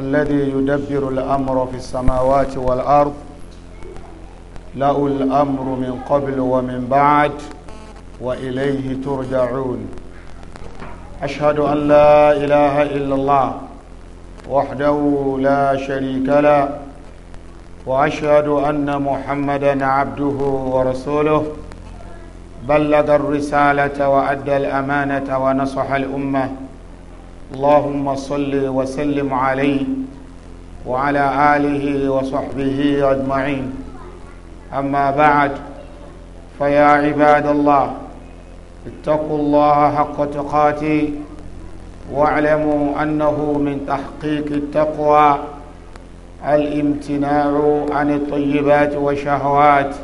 الذي يدبر الأمر في السماوات والأرض له الأمر من قبل ومن بعد وإليه ترجعون أشهد أن لا إله إلا الله وحده لا شريك له وأشهد أن محمدا عبده ورسوله بلغ الرسالة وأدى الأمانة ونصح الأمة اللهم صل وسلم عليه وعلى آله وصحبه أجمعين أما بعد فيا عباد الله اتقوا الله حق تقاته واعلموا أنه من تحقيق التقوى الامتناع عن الطيبات والشهوات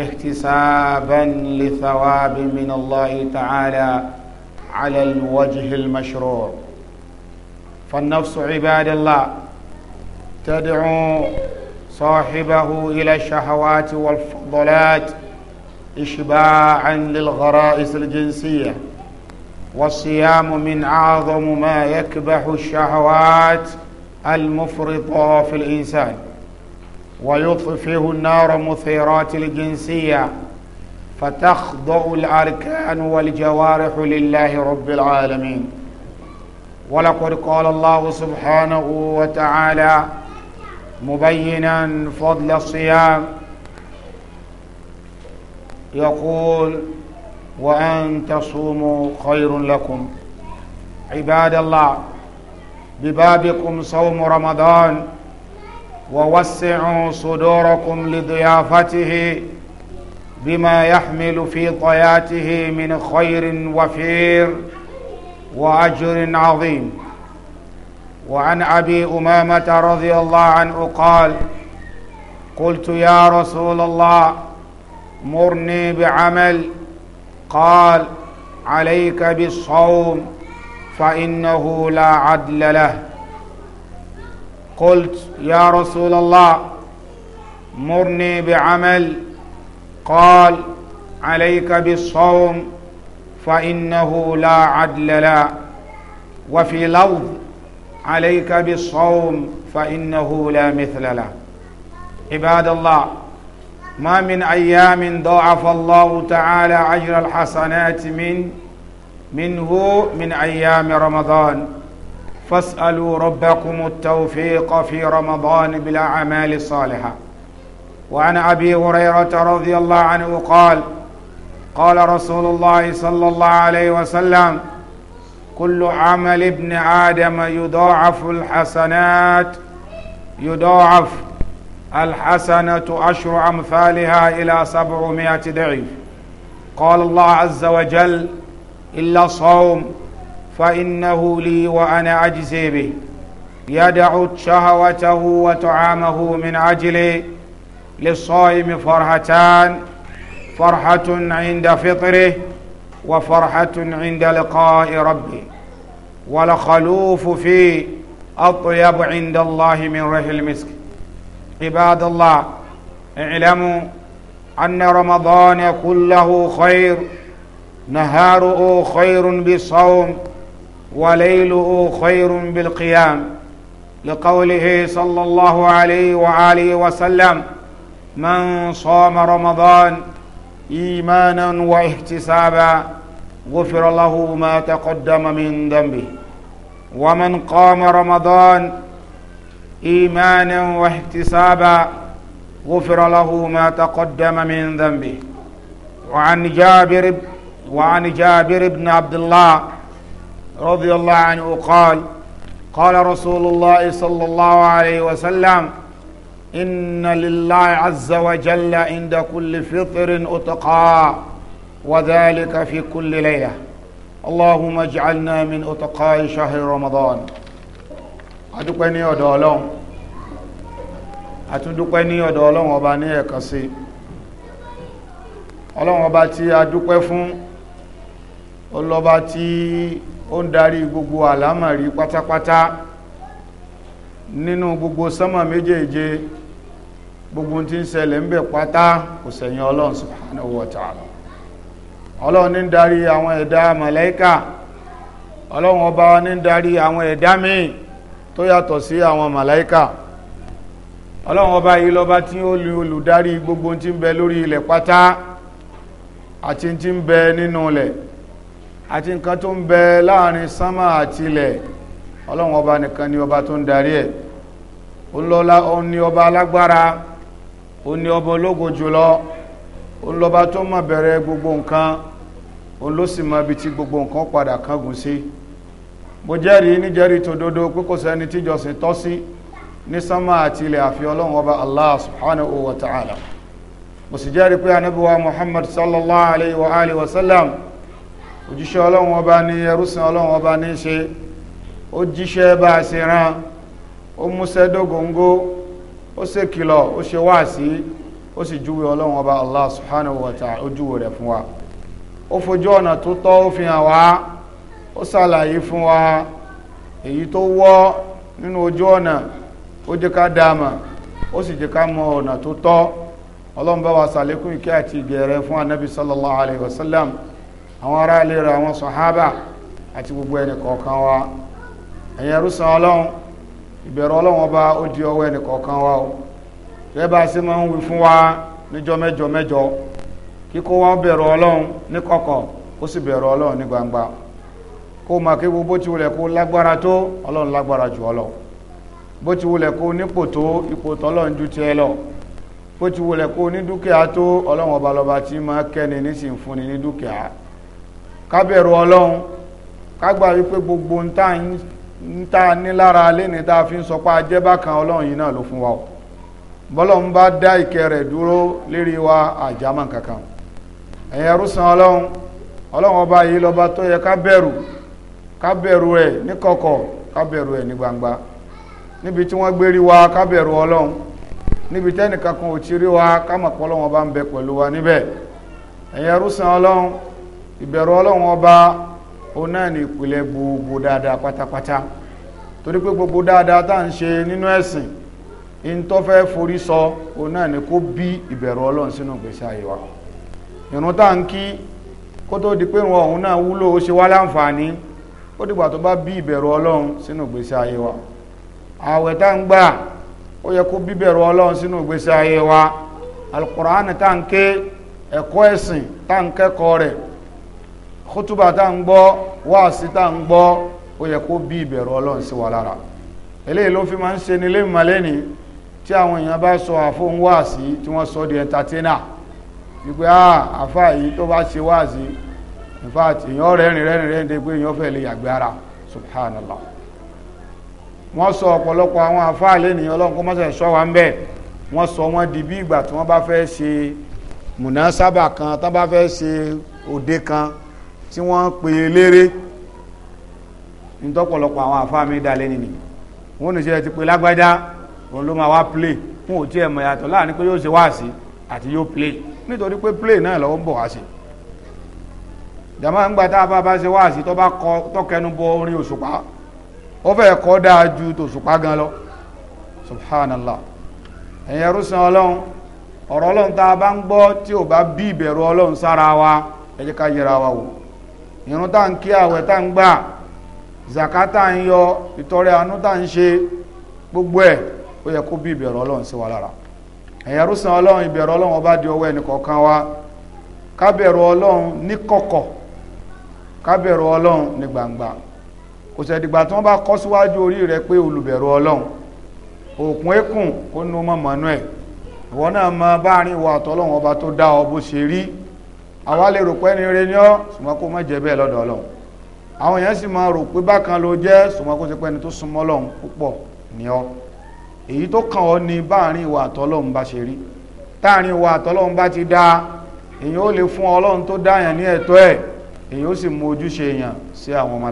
احتسابا لثواب من الله تعالى على الوجه المشروع فالنفس عباد الله تدعو صاحبه إلى الشهوات والفضلات إشباعا للغرائز الجنسية والصيام من أعظم ما يكبح الشهوات المفرطة في الإنسان ويطفئ النار مثيرات الجنسية فتخضع الأركان والجوارح لله رب العالمين ولقد قال الله سبحانه وتعالى مبينا فضل الصيام يقول وأن تصوموا خير لكم عباد الله ببابكم صوم رمضان ووسعوا صدوركم لضيافته بما يحمل في طياته من خير وفير واجر عظيم وعن ابي امامه رضي الله عنه قال قلت يا رسول الله مرني بعمل قال عليك بالصوم فانه لا عدل له قلت يا رسول الله مرني بعمل قال عليك بالصوم فإنه لا عدل لا وفي لفظ عليك بالصوم فإنه لا مثل له عباد الله ما من أيام ضاعف الله تعالى أجر الحسنات من منه من أيام رمضان فاسألوا ربكم التوفيق في رمضان بالأعمال الصالحة وعن ابي هريره رضي الله عنه قال قال رسول الله صلى الله عليه وسلم كل عمل ابن ادم يضاعف الحسنات يضاعف الحسنه عشر امثالها الى سبعمائه ضعف قال الله عز وجل الا صوم فانه لي وانا اجزي به يدع شهوته وطعامه من اجلي للصائم فرحتان فرحة عند فطره وفرحة عند لقاء ربه ولخلوف فيه أطيب عند الله من ريح المسك عباد الله اعلموا أن رمضان كله خير نهاره خير بالصوم وليله خير بالقيام لقوله صلى الله عليه وآله وسلم من صام رمضان إيمانا واحتسابا غفر له ما تقدم من ذنبه ومن قام رمضان إيمانا واحتسابا غفر له ما تقدم من ذنبه وعن جابر وعن جابر بن عبد الله رضي الله عنه قال قال رسول الله صلى الله عليه وسلم إن لله عز وجل عند كل فطر أتقى وذلك في كل ليلة اللهم اجعلنا من أتقاء شهر رمضان adúpẹ́ ní ọ̀dọ̀ ọlọ́run àtúndúpẹ́ ní ọ̀dọ̀ ọlọ́run ọba ní ẹ̀kan sí ọlọ́run ọba tí a dúpẹ́ fún ọlọ́ba tí ó ń darí gbogbo àlámọ̀rí pátápátá nínú gbogbo sánmà méjèèje gbogbo tí ń ṣẹlẹ̀ ń bẹ pátá kò sẹ̀yìn ọlọ́run ọlọ́run ní ń darí àwọn ẹ̀dá màláíkà ọlọ́run ọba ní ń darí àwọn ẹ̀dá míì tó yàtọ̀ sí àwọn màláíkà ọlọ́run ọba yìí lọ́ba tí ó lu olùdarí gbogbo bẹ lórí ilẹ̀ pátá àti ń bẹ nínú ilẹ̀ àti nǹkan tó ń bẹ láàrin sánmà àti ilẹ̀ ọlọ́run ọba nìkan ni ọba tó ń darí ẹ̀ ó lọ́la ní ọba alágbára ó ní ọba ológo jùlọ òun lọ́ba tó mọ̀ bẹ̀rẹ̀ gbogbo nǹkan òun ló sì mọ ibi tí gbogbo nǹkan padà kángun sí mo jẹ́rìí níjẹ́rìí tòdodo pé kò sẹ́ni tíjọsìn tọ́ sí ní sánmà àti ilẹ̀ àfi ọlọ́run ọba allah subhanahu wa ta'ala mo sì jẹ́rìí pé anábíwá muhammad sallallahu alayhi wa alihi wa sallam òjíṣẹ́ ọlọ́run ọba ní ẹrúsìn ọlọ́run ọba ní ṣe ó jíṣẹ́ bá a ṣe rán ó múṣẹ́ dógóńgó ó ṣe kìlọ̀ ó ṣe wáàsí ó sì júwe ọlọ́run ọba allah subhanahu wa ta'ala ó júwe rẹ̀ fún wa ó fojú ọ̀nà tó tọ́ ó fi hàn wá ó ṣàlàyé fún wa èyí tó wọ́ nínú ojú ọ̀nà ó jẹ́ ká dáama ó sì jẹ́ ká mọ ọ̀nà tó tọ́ ọlọ́run bá wa ṣàlékún ìkẹ́ àti ìgẹ̀rẹ̀ fún anabi sallallahu alayhi wa sallam àwọn ará ilé rẹ̀ àwọn sàhábà àti gbogbo ẹnì kọ̀ọ̀kan wa ẹ̀yin ẹrú ọlọ́run ìbẹ̀rù ọlọ́wọ́n bá ó di ọwọ́ ẹnì kọ̀ọ̀kan wa o gẹ́gẹ́ bá a máa ń wí fún wa níjọ́ mẹ́jọ mẹ́jọ kíkó wa bẹ̀rù ọlọ́run ní kọ̀kọ̀ ó sì bẹ̀rù ọlọ́run ní gbangba kó o máa kí bó ti wulẹ̀ kó lágbára tó ọlọ́run lágbára jù ọ lọ bó ti wulẹ̀ kó nípò tó ipò tọ́lọ́run ju tiẹ̀ lọ bó ti wulẹ̀ kó ní dúkìá tó ọlọ́run ọba lọ́ba tí máa kẹ́ni nísìnyí fúnni ní dúkìá ká bẹ̀rù ọlọ́run ká gbà wípé gbogbo ń tà ń Nta ta ní lára fi ń sọ pé ajẹ́bá kan ọlọ́run yìí náà ló fún wa o bọ́lọ́run bá dá ìkẹ́ rẹ̀ ẹ̀yẹ rúsan ọlọ́run ọlọ́run ọba yìí lọ́ba tó yẹ ká bẹ̀rù ká bẹ̀rù rẹ̀ ní kọ̀kọ̀ ká bẹ̀rù rẹ̀ ní gbangba níbi tí wọ́n wa ká bẹ̀rù ọlọ́run ọba òun náà ni ìpìlẹ̀ gbogbo dáadáa pátápátá torí pé gbogbo dáadáa tá ń ṣe nínú ẹ̀sìn in tó fẹ́ sọ òun náà ni kó bí ìbẹ̀rù ọlọ́run sínú ìgbésí ayé wa tá ń kí kó tó di pé ìrun ọ̀hún náà wúlò ó ṣe wá láǹfààní ó dìgbà tó bá bí ìbẹ̀rù ọlọ́run sínú ìgbésí ayé ààwẹ̀ tá ń gbà ó yẹ kó bí ìbẹ̀rù ọlọ́run sínú ìgbésí ayé wa kútùbà tá ń gbọ́ wáàsí tá ń gbọ́ ó yẹ kó bí ìbẹ̀rù ọlọ́run sí wa lára eléyìí ló fi máa ń ṣe nílé mọ̀lẹ́ni tí àwọn èèyàn bá sọ àfohùn wáàsí tí wọ́n sọ di entertainer wípé ah, àfáà yìí tó bá ṣe wáàsí in fact èèyàn rẹ́rìn rẹ́rìn rẹ́rìn dé pé èèyàn fẹ́ lè yàgbé ara subhanallah wọ́n sọ ọ̀pọ̀lọpọ̀ àwọn àfáà lẹ́nìí ọlọ́run kó mọ́sẹ̀ sọ wa ń bẹ̀ wọ́n sọ wọ́n di bí ìgbà tí wọ́n bá fẹ́ ṣe mùnà kan tó bá fẹ́ ṣe òde kan tí wọ́n pè é léré nítọ́pọ̀lọpọ̀ àwọn àfáàmì dalẹ́ nìyí wọ́n ní ṣe ti pè lágbájá òun ló máa wá play fún òtí ẹ̀mọ̀ yàtọ̀ láàrin pé yóò ṣe wáàsí àti yóò play nítorí pé play náà lọ́wọ́ ń bọ̀ wá sí jàmáà ń gbà tá a bá bá ṣe wáàsí tó bá kọ tọkẹnu bọ orin òṣùpá ó fẹ́ kọ́ dáa ju tòṣùpá gan lọ subhanallah ẹ̀yin ẹrúsàn ọlọ́run ọ̀rọ̀ ọlọ́run tá a bá ń gbọ́ tí ò bá bí ìbẹ̀rù ọlọ́run sára wa ẹ ká yẹra wa wò ìrun tá ń kí àwẹ̀ tá ń gbà zakata ń yọ ìtọrẹ àánú tá ń ṣe gbogbo ẹ̀ ó yẹ kó bí ìbẹ̀rù ọlọ́run sí wa lára ẹ̀yà rúsan ọlọ́run ìbẹ̀rù ọlọ́run ọba di ọwọ́ ẹnìkọ̀ọ̀kan wa ká bẹ̀rù ọlọ́run ní kọ̀kọ̀ ká bẹ̀rù ọlọ́run ní gbangba kò sẹ̀dìgbà tí wọ́n bá kọ́ síwájú orí rẹ pé olùbẹ̀rù ọlọ́run òkun ekun kó nu mọ́ mọ́nú ẹ̀ ìwọ náà mọ báàrin ìwà àtọ́lọ́run ọba tó dá ọ bó ṣe rí àwa lè rò pé ẹni rẹ ni ọ́ kó má lọ́dọ̀ ọlọ́run àwọn èèyàn sì máa rò pé bákan ló jẹ́ kó ti ẹni tó súnmọ́ ọlọ́run púpọ̀ ni ọ́ èyí tó kàn ọ́ ni báàrin ìwà àtọ́lọ́run bá ṣe rí táàrin ìwà àtọ́lọ́run bá ti dáa èyàn ó lè fún ọlọ́run tó dáyàn ní ẹ̀tọ́ ẹ̀ èyàn ó sì mú ojúṣe èyàn sí àwọn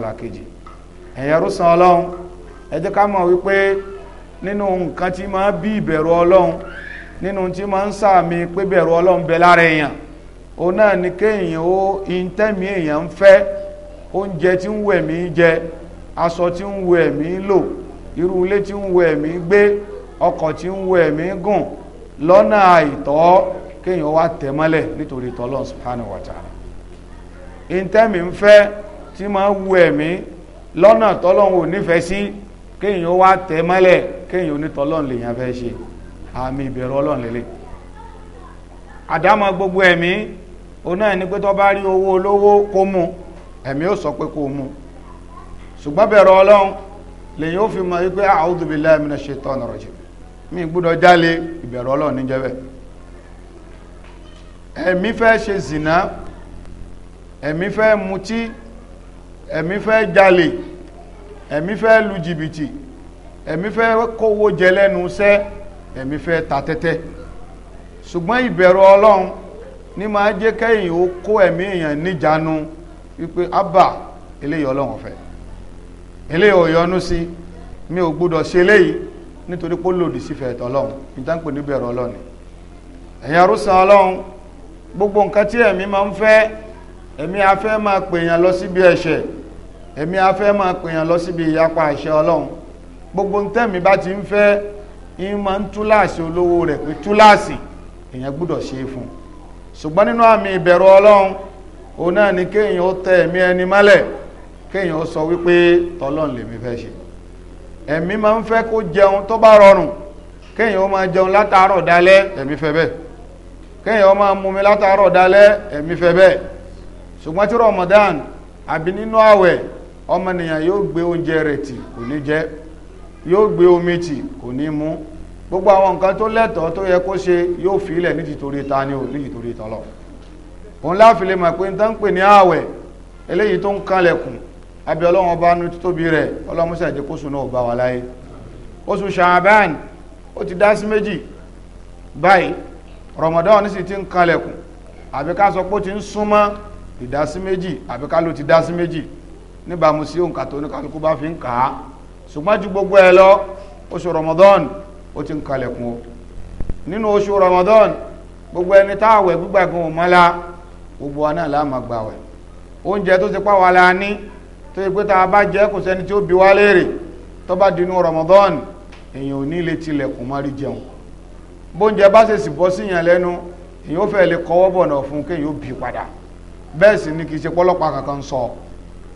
o náà ni kéèyàn ó intẹ́mi èèyàn ń fẹ́ oúnjẹ tí ń wẹ̀ mí jẹ aṣọ tí ń wẹ̀ mí lò irú ilé tí ń wẹ̀ mí gbé ọkọ̀ tí ń wẹ̀ mí gùn lọ́nà àìtọ́ kéèyàn wá tẹ̀ mọ́lẹ̀ nítorí tọ́lọ́n subhanahu wa intẹ́mi ń fẹ́ tí máa wù ẹ̀mí lọ́nà tọ́lọ́n ò nífẹ̀ẹ́ sí kéèyàn wá tẹ̀ mọ́lẹ̀ kéèyàn onítọ́lọ́n lèèyàn fẹ́ ṣe àmì ìbẹ̀rù òun náà ni pé tó bá rí owó olówó kó mú ẹ̀mí ó sọ pé kó mú ṣùgbọ́n bẹ̀rẹ̀ ọlọ́run lèyìn ó fi mọ̀ wípé a'udhu billahi minash shaitonir rajim mi gbọ́dọ̀ jálè ìbẹ̀rẹ̀ ọlọ́run níjẹ́ bẹ́ẹ̀ ẹ̀mí fẹ́ ṣe zìnà ẹ̀mí fẹ́ mutí ẹ̀mí fẹ́ jalè ẹ̀mí fẹ́ lu jìbìtì ẹ̀mí fẹ́ kówó jẹ lẹ́nu iṣẹ́ ẹ̀mí fẹ́ ta tẹ́tẹ́ ṣùgbọ́n ìbẹ̀rù ọlọ́run ní máa jẹ́ kẹ́yìn ó kó ẹ̀mí èèyàn níjànú wípé abba eléyìí ọlọ́run fẹ́ eléyìí ò yọnu sí mi ò gbúdọ̀ ṣe eléyìí nítorí pé ó lòdì sífẹ̀ ẹ̀tọ́ ọlọ́run níta ń pè níbẹ̀rẹ̀ ọlọ́run ẹ̀yin arúsàn ọlọ́run gbogbo nǹkan tí ẹ̀mí máa ń fẹ́ ẹ̀mí afẹ́ máa pèèyàn lọ síbi ẹ̀ṣẹ̀ ẹ̀mí afẹ́ máa pèèyàn lọ síbi ìyapa àṣẹ ọlọ́run gbogbo ntẹ́mi bá ti ń fẹ́ ń máa ń túláàsì olówó rẹ̀ pé túláàsì èèyàn gbúdọ̀ ṣe é fún un ṣùgbọ́n nínú àmì ìbẹ̀rù ọlọ́run o náà ni kéèyàn ó tẹ ẹ̀mí ẹni mọ́lẹ̀ kéèyàn ó sọ wípé tọ́lọ́n lèmi fẹ́ ṣe ẹ̀mí máa ń fẹ́ kó jẹun tó bá rọrùn kéèyàn ó máa jẹun látàárọ̀ dalẹ́ ẹ̀mí fẹ́ bẹ́ẹ̀ kéèyàn máa mumi látàárọ̀ dalẹ́ ẹ̀mí fẹ́ bẹ́ẹ̀ ṣùgbọ́n tí Ramadan àbí nínú àwẹ̀ ọmọnìyàn yóò gbé oúnjẹ rẹ̀ tì kò ní jẹ yóò gbé omi tì kò ní mu gbogbo àwọn nǹkan tó lẹ́tọ̀ọ́ tó yẹ kó ṣe yóò fi ilẹ̀ ní tìtorí ta ni ò ní tìtorí tọ́lọ̀ òun láfi lè mọ̀ pé n tán ń pè ní ààwẹ̀ eléyìí tó ń kanlẹ̀kùn abẹ́ ọlọ́run ọba nu títóbi rẹ̀ ọlọ́mọṣẹ́ jẹ́ kóṣù náà bá wà láyé oṣù ṣàbán ó ti dá sí méjì báyìí Ramadan ní sì ti ń kanlẹ̀kùn àbí ká sọ pé ó ti ń súnmọ́ ìdásí méjì àbí ká ló ti dá sí méjì níbàámu sí òǹkà tó ní kálukú bá fi ń kà á ṣùgbọ́n ju gbogbo ẹ lọ oṣù Ramadan ó ti ń kalẹ̀kùn o nínú oṣù Ramadan gbogbo ẹni táwẹ̀ gbígbàgbọ́n ò mọ́lá gbogbo wa náà láàmà gbàwẹ̀ oúnjẹ tó ti pa wà la ní tó yẹ pé tá a bá jẹ́ kò sẹ́ni tí ó bi wá léèrè tó bá dinú Ramadan èèyàn ò ní lè tilẹ̀kùn má rí jẹun bóúnjẹ bá ṣèṣì bọ́ síyàn lẹ́nu èèyàn ó fẹ́ lè kọ́wọ́ bọ̀nà fún kéèyàn ó bì padà bẹ́ẹ̀ sì ni kì í ṣe pọ́lọ́pàá kankan sọ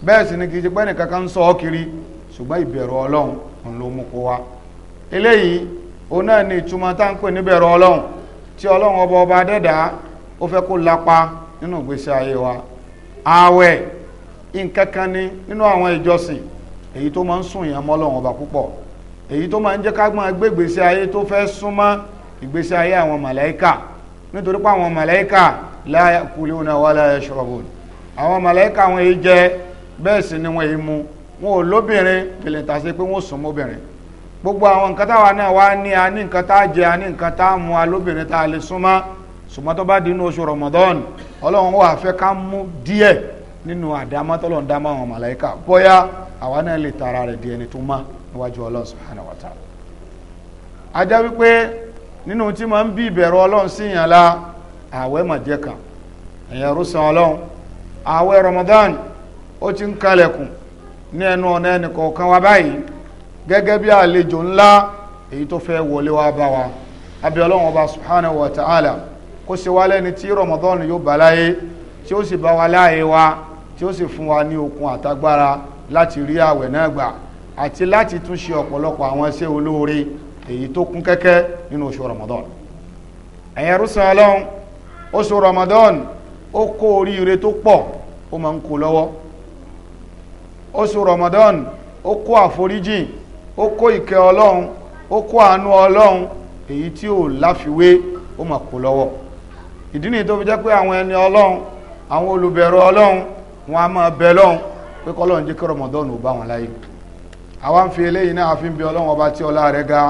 bẹ́ẹ̀ sì ni kì í ṣe pẹ́ẹ́nì kankan sọ ọ́ kiri ṣùgbọ́n ìbẹ̀rù Ọlọ́run òun ló mú kó wá eléyìí òun náà ni ìtumọ̀ tá ń pè níbẹ̀rù ọlọ́run tí ọlọ́run ọba ọba dẹ́dàá ó fẹ́ kó lapa nínú ìgbésí ayé wa ààwẹ̀ nkankan ni nínú àwọn ìjọsìn èyí tó máa ń sún ìyàn mọ́ ọlọ́run ọba púpọ̀ èyí tó máa ń jẹ́ ká gbé ìgbésí ayé tó fẹ́ súnmọ́ ìgbésí ayé àwọn màláíkà nítorí pé àwọn màláíkà la yakuluna wala yashrabun àwọn màláíkà wọn èyí jẹ bẹ́ẹ̀ sì ni wọn èyí mu wọn ò lóbìnrin pèlè tàṣe pé wọn ò sún mọ́bìnrin gbogbo àwọn nǹkan táwa náà wá ní a ní nǹkan tá jẹ a ní nǹkan tá mu a lóbìnrin tá a lè súnmọ́ di inú oṣù Ramadan Ọlọ́run wà fẹ́ ká mú díẹ̀ nínú àdámọ́ tọ́lọ́run dámọ́ àwọn màláìka bóyá àwa náà lè tara rẹ̀ di ẹni tó mọ́ níwájú Ọlọ́run subhanahu a wípé nínú tí máa ń bí ìbẹ̀rù Ọlọ́run sí yàn la gẹ́gẹ́ bí àlejò ńlá èyí tó fẹ́ wọlé wá bá wa abẹ́ ọlọ́run ọba subhanahu wa ta'ala kó ṣe wá lẹ́ni tí ramadan yóò bá láyé tí ó sì bá wa láàyè wa tí ó sì fún wa ní okun àtagbára láti rí àwẹ̀ náà gbà àti láti tún ṣe ọ̀pọ̀lọpọ̀ àwọn iṣẹ́ olóore èyí tó kún kẹ́kẹ́ nínú oṣù ramadan ẹ̀yin ẹrúsìn ọlọ́run oṣù ramadan ó kó oríire tó pọ̀ ó máa ń kó lọ́wọ́ oṣù ramadan ó kó àforíjìn ó kó ìkẹ́ ọlọ́run ó kó àánú ọlọ́run èyí tí ò láfiwé ó mà kó lọ́wọ́ ìdí nìyí tó fi jẹ́ pé àwọn ẹni ọlọ́run àwọn olùbẹ̀rù ọlọ́run wọn a máa bẹ lọ́run pé kọ́lọ́run jẹ́ kí rọmọdọ́nù ò bá wọn láyé àwa ń fi eléyìí náà fi ń bẹ ọlọ́run ọba tí ọlá rẹ̀ ga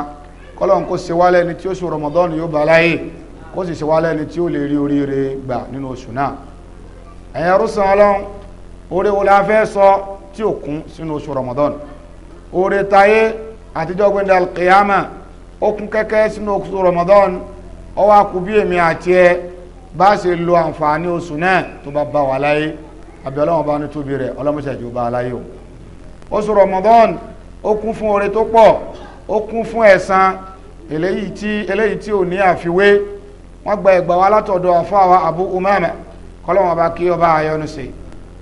kọ́lọ́run kó ṣe wálẹ̀ ẹni tí oṣù rọmọdọ́nù yóò bá láyé kó sì ṣe wálẹ̀ ẹni tí ó lè rí oríire gbà nínú oṣù náà ẹ̀yin arúsàn ọlọ́run oore la fẹ́ sọ tí ò kún sínú oṣù rọmọdọ́nù oore tayé àtijọ́ gbẹ̀ndẹ̀ alkiyama ó kún kẹ́kẹ́ sínú oṣù Ramadan ó wá kú bí èmi àti ẹ bá ṣe lo àǹfààní oṣù náà tó bá bá wà láyé àbí ọlọ́run bá ní tóbi rẹ̀ ọlọ́mọṣẹ́ ìjọba aláyé o oṣù Ramadan ó kún fún oore tó pọ̀ ó kún fún ẹ̀san eléyìí tí eléyìí tí ò ní àfiwé wọ́n gba ẹ̀gbà wa látọ̀dọ̀ àfáwa Abu Umama kọ́lọ́wọ́n ọba kí ọba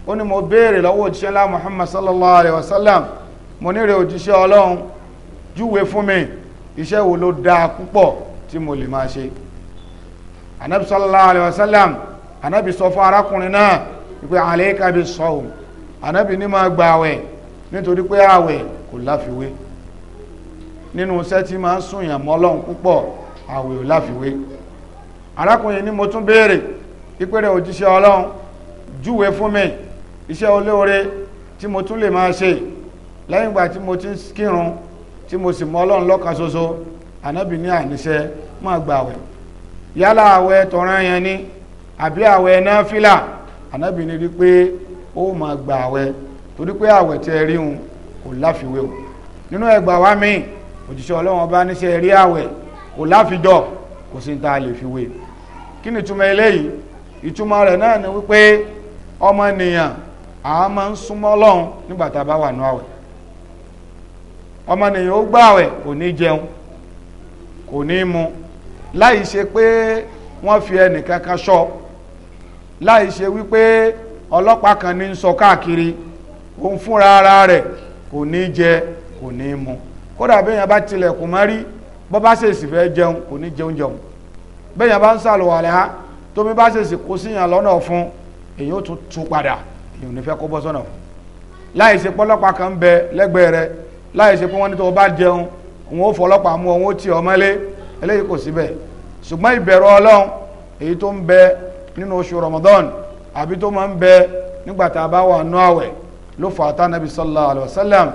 ó ní mo béèrè lọ́wọ́ òjíṣẹ́ ńlá Muhammad sallallahu alayhi wa sallam mo ní rẹ̀ òjíṣẹ́ ọlọ́run júwe fún mi iṣẹ́ wo ló dáa púpọ̀ tí mo lè máa ṣe anabi sallallahu alayhi wa sallam anabi sọ fún arákùnrin náà wípé alayka bis sawm anabi ní máa gba àwẹ̀ nítorí pé àwẹ̀ kò láfiwé nínú iṣẹ́ tí máa ń súnyàn mọ́ púpọ̀ àwẹ̀ ò láfiwé arákùnrin ni mo tún béèrè ìpèrè òjíṣẹ́ ọlọ́run júwe fún mi iṣẹ́ olóore tí mo tún lè máa ṣe lẹ́yìn ìgbà tí mo ti ń kírun tí mo sì mọ ọlọ́run lọ́kan ṣoṣo ànábì ní àníṣe máa gba àwẹ̀ yálà àwẹ̀ tọ̀ràn yẹn ni àbí àwẹ̀ náfìlà ànábì ní rí pé ó máa gba àwẹ̀ torí pé àwẹ̀ tẹ́ ẹ kò láfiwé o nínú ẹgbà wa mi òjíṣẹ́ ọlọ́run ọba níṣẹ́ rí àwẹ̀ kò láfijọ́ kò sí ní ta lè fi wé kí ni ìtumọ̀ eléyìí ìtumọ̀ rẹ̀ náà ni wípé ọmọnìyàn àá máa ń súnmọ́ ọlọ́run nígbà tá a bá wà nù àwẹ̀ ọmọnìyàn ó gbààwẹ̀ kò ní jẹun kò ní mu láì ṣe pé wọ́n fi ẹnìkan kan ṣọ́ láì ṣe wípé ọlọ́pàá kan ní ń sọ káàkiri òun fúnra ara rẹ̀ kò ní jẹ kò ní mu kódà béèyàn bá tilẹ̀kùn mọ́rí bọ́ bá ṣèṣì fẹ́ jẹun kò ní jẹun jẹun béèyàn bá ń sàlùwàlẹ̀ tómi bá ṣèṣì kó síyàn lọ́nà fún èyí ó tún tún padà èyí ò ní fẹ́ kó bọ́ sọ́nà láì ṣe pọ́lọ́pàá kan bẹ lẹ́gbẹ̀ẹ́ rẹ̀ láì ṣe pé wọ́n ní tó bá jẹun wọn ó fọlọ́pàá mú wọn ó tì ọ́ mọ́lé eléyìí kò síbẹ̀ ṣùgbọ́n ìbẹ̀rù ọlọ́run èyí tó ń bẹ nínú oṣù Ramadan àbí tó máa ń bẹ nígbà tá a bá wà nú àwẹ̀ ló fà tánàbí sallallahu alayhi sallam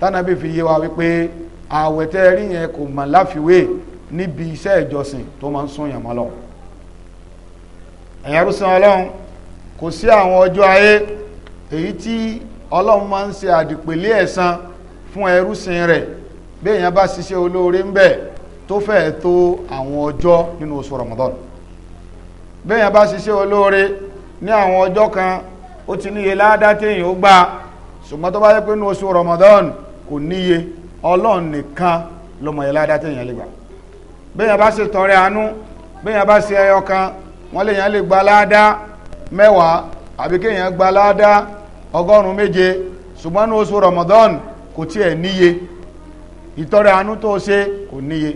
tánàbí fi yé wa wípé àwẹ̀ tẹ́ rí yẹn kò mà láfiwé níbi iṣẹ́ ìjọsìn tó máa ń sún yàn mọ́ lọ. ẹ̀yàn rúṣan ọlọ́run kò sí àwọn ọjọ́ ayé èyí tí ọlọ́run máa ń ṣe àdìpèlé ẹ̀san fún ẹrúsìn rẹ̀ bí èèyàn bá ṣiṣẹ́ olóore ń bẹ̀ tó fẹ́ẹ̀ tó àwọn ọjọ́ nínú oṣù Ramadan bí èèyàn bá ṣiṣẹ́ olóore ní àwọn ọjọ́ kan ó ti níye ládá téèyàn ó gbà ṣùgbọ́n tó bá yẹ pé nínú oṣù Ramadan kò níye Ọlọ́run nìkan lọmọ yẹn ládá téèyàn lè gbà bí èèyàn bá ṣe tọrẹ àánú bí èèyàn bá ṣe ẹyọ kan wọ́n lè yàn lè gba ládá mẹ́wàá àbí kéèyàn gba ládá ọgọ́rùn-ún méje ṣùgbọ́n nínú oṣù Ramadan kò tiẹ̀ níye ìtọrẹ àánú tó ṣe kò níye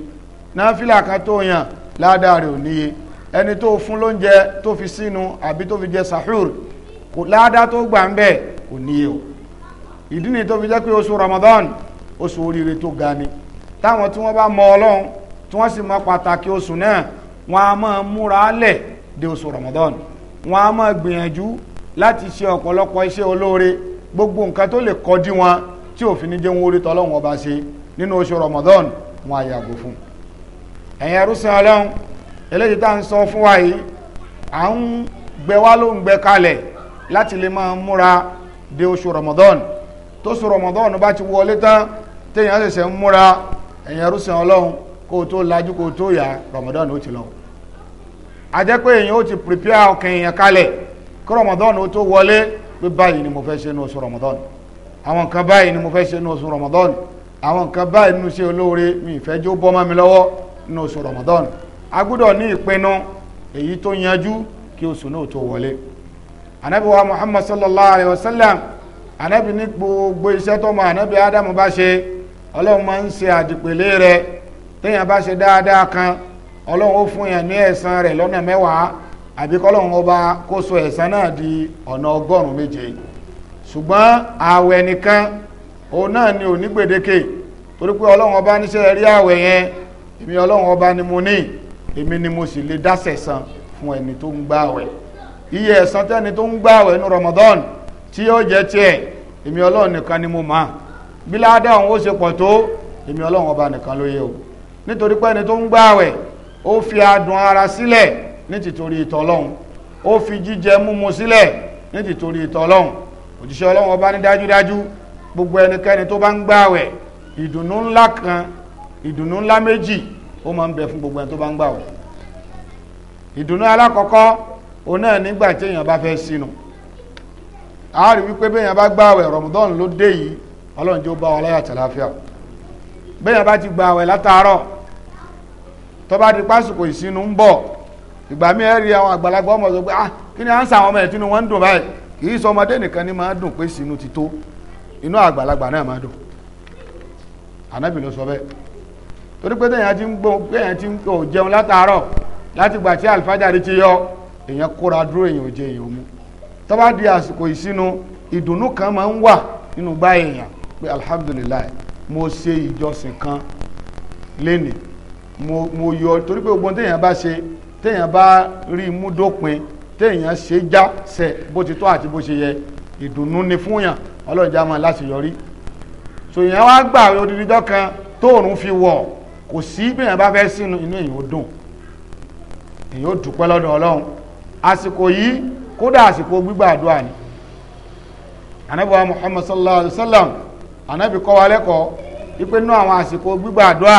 náfìlà kan tó yàn ládàá rẹ̀ ò níye ẹni tó fún lóúnjẹ tó fi sínú àbí tó fi jẹ sahur kò ládàá tó gbà ń bẹ̀ kò níye o ìdí ni tó fi jẹ́ pé oṣù Ramadan oṣù oríire tó ga ni táwọn tí wọ́n bá mọ Ọlọ́run tí wọ́n sì mọ pàtàkì oṣù náà wọ́n á máa múra lẹ̀ de oṣù Ramadan wọ́n á máa gbìyànjú láti ṣe ọ̀pọ̀lọpọ̀ iṣẹ́ olóore gbogbo nǹkan tó lè kọ́ dí wọn tí òfin ní jẹ́ wọn orí se ọba ṣe nínú oṣù Ramadan wọn àyàgò fún ẹ̀yin ẹrúsìn ọlọ́run eléyìí tá ń sọ fún ń gbẹ wá kalẹ̀ láti lè múra de oṣù Ramadan tó su Ramadan bá ti wọlé tán téèyàn ṣẹ̀ṣẹ̀ o tó a jẹ́ pé èèyàn ó ti prepare ọkàn èèyàn kalẹ̀ kí Ramadan ó tó wọlé pé báyìí ni mo fẹ́ ṣe ní oṣù Ramadan. àwọn nǹkan báyìí ni mo fẹ́ ṣe ní oṣù Ramadan àwọn nǹkan báyìí nínú iṣẹ́ olóore mi ìfẹ́ jó bọ́ mọ́ mi lọ́wọ́ ní oṣù Ramadan a gbọ́dọ̀ ní ìpinnu èyí tó yanjú kí oṣù náà tó wọlé anabi wa Muhammad sallallahu alayhi wa sallam anabi ní gbogbo iṣẹ́ tó mọ anabi Adamu bá ṣe ọlọ́run máa ń ṣe àdìpèlé rẹ̀ téèyàn bá ṣe dáadáa kan ọlọ́run ó fún yàn ní ẹ̀san rẹ̀ lọ́nà mẹ́wàá àbíkọ́ ọlọ́run ọba kó so náà di ọ̀nà ọgọ́rùn-ún méje ṣùgbọ́n ààwẹ̀ nìkan òun náà ni ò ní gbèdéke torí pé ọlọ́run ọba níṣẹ́ rí ààwẹ̀ yẹn èmi ọlọ́run ọba ni mo ní èmi ni mo sì lè dáṣẹ̀ san fún ẹni tó ń gbà ààwẹ̀ iye ẹ̀san tẹ́ni tó ń gbà ààwẹ̀ ní Ramadan tí yóò jẹ́ tiẹ̀ èmi ọlọ́run nìkan ni mo mọ̀ bí ládàá òun ó ṣe pọ̀ tó èmi ọlọ́run ọba nìkan ló yẹ o nítorí pé ẹni tó ń gbà ààwẹ̀ ó fi adùn ara sílẹ̀ ní tìtorí ìtọ́lọ́hún ó fi jíjẹ múmu sílẹ̀ ní tìtorí ìtọ́lọ́hún òjíṣẹ́ ọlọ́run ọba ní dájúdájú gbogbo ẹnikẹ́ni tó bá ń gbààwẹ̀ ìdùnnú ńlá kan ìdùnnú ńlá méjì ó máa ń bẹ fún gbogbo ẹni tó bá ń gbààwẹ̀ ìdùnnú alákọ̀ọ́kọ́ òun náà nígbà tí èèyàn bá fẹ́ sínú àárí wípé béèyàn bá gbààwẹ̀ rọ̀mùdọ́n ló dé yìí ọlọ́run jẹ́ ó bá wa láyà tàlàáfíà béèyàn bá ti gbààwẹ̀ látàárọ̀ tó bá di pásìkò ìsínú ń bọ̀ ìgbà míì ẹ rí àwọn àgbàlagbà ọmọ sọ pé ah kí ni à ń sàwọn ọmọ ẹ̀ tínú wọn ń dùn báyìí kì í sọ ọmọdé nìkan ni máa dùn pé sínú ti tó inú àgbàlagbà náà máa dùn ànábì ló sọ bẹ́ẹ̀ torí pé téèyàn ti ń gbó téèyàn ti ń kò jẹun látàárọ̀ láti gbà tí àlùfájàrí ti yọ èèyàn kóra dúró èèyàn ò jẹ èèyàn mu tó di àsìkò ìsinu ìdùnnú kan máa ń wà nínú gbá èèyàn pé alhamdulilayi mo ṣe ìjọsìn kan lénìí mo mo yọ torí pé gbogbo téèyàn bá ṣe téèyàn bá rí mú dópin téèyàn ṣe já sẹ bó ti tó àti bó ṣe yẹ ìdùnnú ni fún yàn ọlọ́jà máa láti yọrí sòyìn wá gbà odidijọ́ kan tóòrùn fi wọ̀ kò sí bí èèyàn bá fẹ́ sínú inú èèyàn ó dùn èèyàn ó dúpẹ́ lọ́dọ̀ ọlọ́run àsìkò yìí kódà àsìkò gbígbà àdúrà ni ànábì wa muhammad sallallahu alayhi wa sallam ànábì kọ́ wa lẹ́kọ̀ọ́ wípé nínú àwọn àsìkò gbígbà àdúrà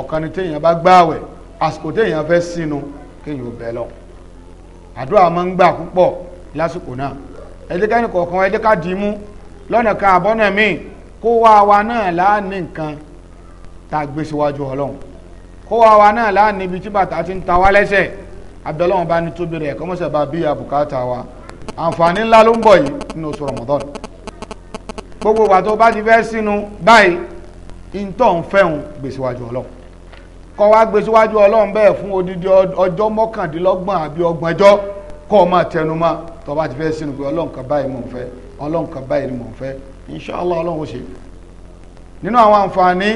ọ̀kan ni téèyàn bá gbààwẹ̀ àsìkò téèyàn fẹ́ sínú kéèyàn ó bẹ̀ lọ́wọ́ àdúrà máa ń gbà púpọ̀ lásìkò náà ẹ̀dẹ́kẹ́ni kọ̀ọ̀kan ẹ̀dẹ́ká dì í mú lọ́nà kan àbọ́nà míì kó wá wa náà láàánú nǹkan tá a gbé síwájú ọlọ́run kó wá wa náà láàánú ibi tí bàtà ti ń ta wá lẹ́sẹ̀ abdọ́lọ́run bá ní tóbi rẹ̀ kọ́mọ́sẹ̀ bá bí àbùkátà wa àǹfààní ńlá ló ń bọ̀ yìí nínú oṣù Ramadan gbogbo ìgbà tó bá ti fẹ́ sínú báyìí ìntọ́ ń fẹ́hùn gbèsè wájú ọlọ́run kọ́ wá gbé síwájú ọlọ́run bẹ́ẹ̀ fún odidi ọjọ́ mọ́kàndínlọ́gbọ̀n àbí ọgbọ̀njọ́ kọ́ ọ máa tẹnumọ́ tó bá ti fẹ́ sínú pé ọlọ́run kan báyìí mò ń fẹ́ ọlọ́run kan báyìí mò ń fẹ́ inṣọ́lá ọlọ́run ó ṣe nínú àwọn àǹfààní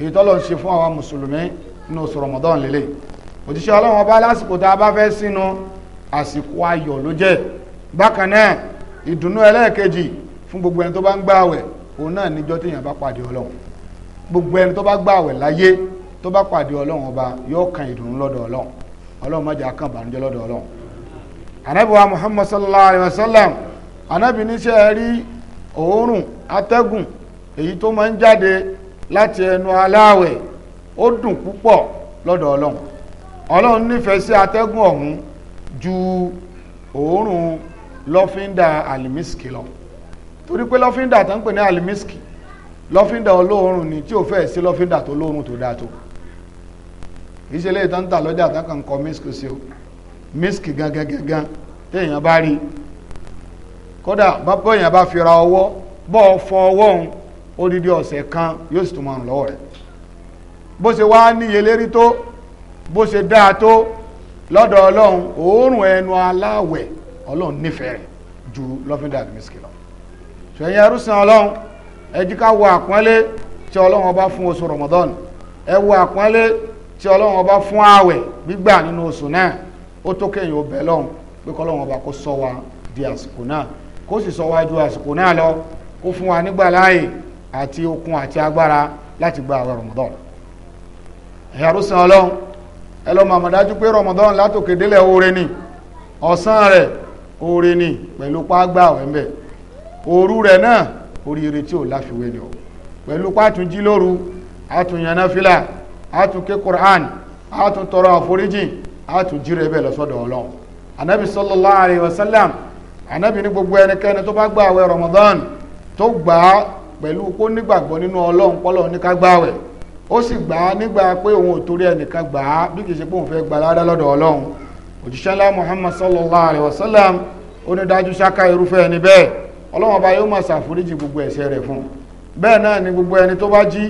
èyí tọ́lọ́ ń ṣe fún àwọn mùsùlùmí nínú oṣù rọmọdán lélẹ̀ òjíṣẹ́ ọlọ́run ọba lásìkò tá a bá fẹ́ sínú àsìkò ayọ̀ ló jẹ́ bákan náà ìdùnnú tó bá pàdé ọlọ́run ọba yóò kan ìdùnnú lọ́dọ̀ ọlọ́run ọlọ́run má kan ìbànújẹ́ lọ́dọ̀ ọlọ́run wa muhammad sallallahu alayhi wa sallam anabi níṣẹ́ rí òórùn atẹ́gùn èyí tó máa ń jáde láti ẹnu aláwẹ̀ ju òórùn lọ́fíńdà alimiski lọ torí pé lọ́fíńdà tó ń pè ní ni tí sí lọ́fíńdà tó tó kì í ṣe léyìí tó ń tà lọ́jà tó kàn ń kọ mísìkì sí o mísìkì gangan gangan téèyàn bá rí kódà bọ́ èèyàn bá fi ra ọwọ́ bọ́ ọ fọ ọwọ́ òun odidi ọ̀sẹ̀ kan yóò sì tún máa rùn lọ́wọ́ rẹ̀ bó ṣe wá níye lérí tó bó ṣe dáa tó lọ́dọ̀ ọlọ́run òórùn ẹnu aláwẹ̀ ọlọ́run nífẹ̀ẹ́ rẹ̀ ju lọ́fíńdà mísìkì lọ ṣẹ̀yìn ẹrúsìn ọlọ́run ẹjíká wo àpọ́nlé tí ọlọ́run ọba fún oṣù Ramadan ẹ wo àpọ́nlé tí ọlọ́run ọba fún ààwẹ̀ gbígbà nínú oṣù náà ó tó kéèyàn ó bẹ̀ lọ́hùn pé kọ́lọ́run ọba kó sọ wa di àsìkò náà kó sì sọ wa ju àsìkò náà lọ kó fún wa nígbà láàyè àti okun àti agbára láti gba àwọn Ramadan ẹ̀yà rúsan ọlọ́run ẹ lọ màmá dájú pé Ramadan látòkè délẹ̀ oore ni ọ̀sán rẹ̀ oore ni pẹ̀lú pàgbà àwẹ̀ òru rẹ̀ náà oríire tí ò láfiwé ni ọ pẹ̀lú pàtúnjí lóru àtúnyànnáfílà a tún ké Qur'an a tún tọrọ àforíjì a tún jíire bẹ́ẹ̀ lọ́sọ̀dọ̀ ọlọ́run anabi sallallahu alayhi wa sallam anabi ní gbogbo ẹnikẹ́ni tó bá gba àwẹ̀ Ramadan tó gbà pẹ̀lú kó nígbàgbọ́ nínú ọlọ́run pọ́lọ́ ní ká gbàwẹ̀ ó sì gbà nígbà pé òun ò torí ẹnìkan gbà á bí kì í ṣe pé òun fẹ́ gbà ládá lọ́dọ̀ ọlọ́run òjíṣẹ́ ńlá Muhammad sallallahu alayhi wa sallam ó ní irúfẹ́ ẹni bẹ́ẹ̀ ọlọ́run ọba yóò máa ṣàforíjì gbogbo ẹ̀ṣẹ̀ rẹ̀ fún bẹ́ẹ̀ náà ni gbogbo ẹni tó bá jí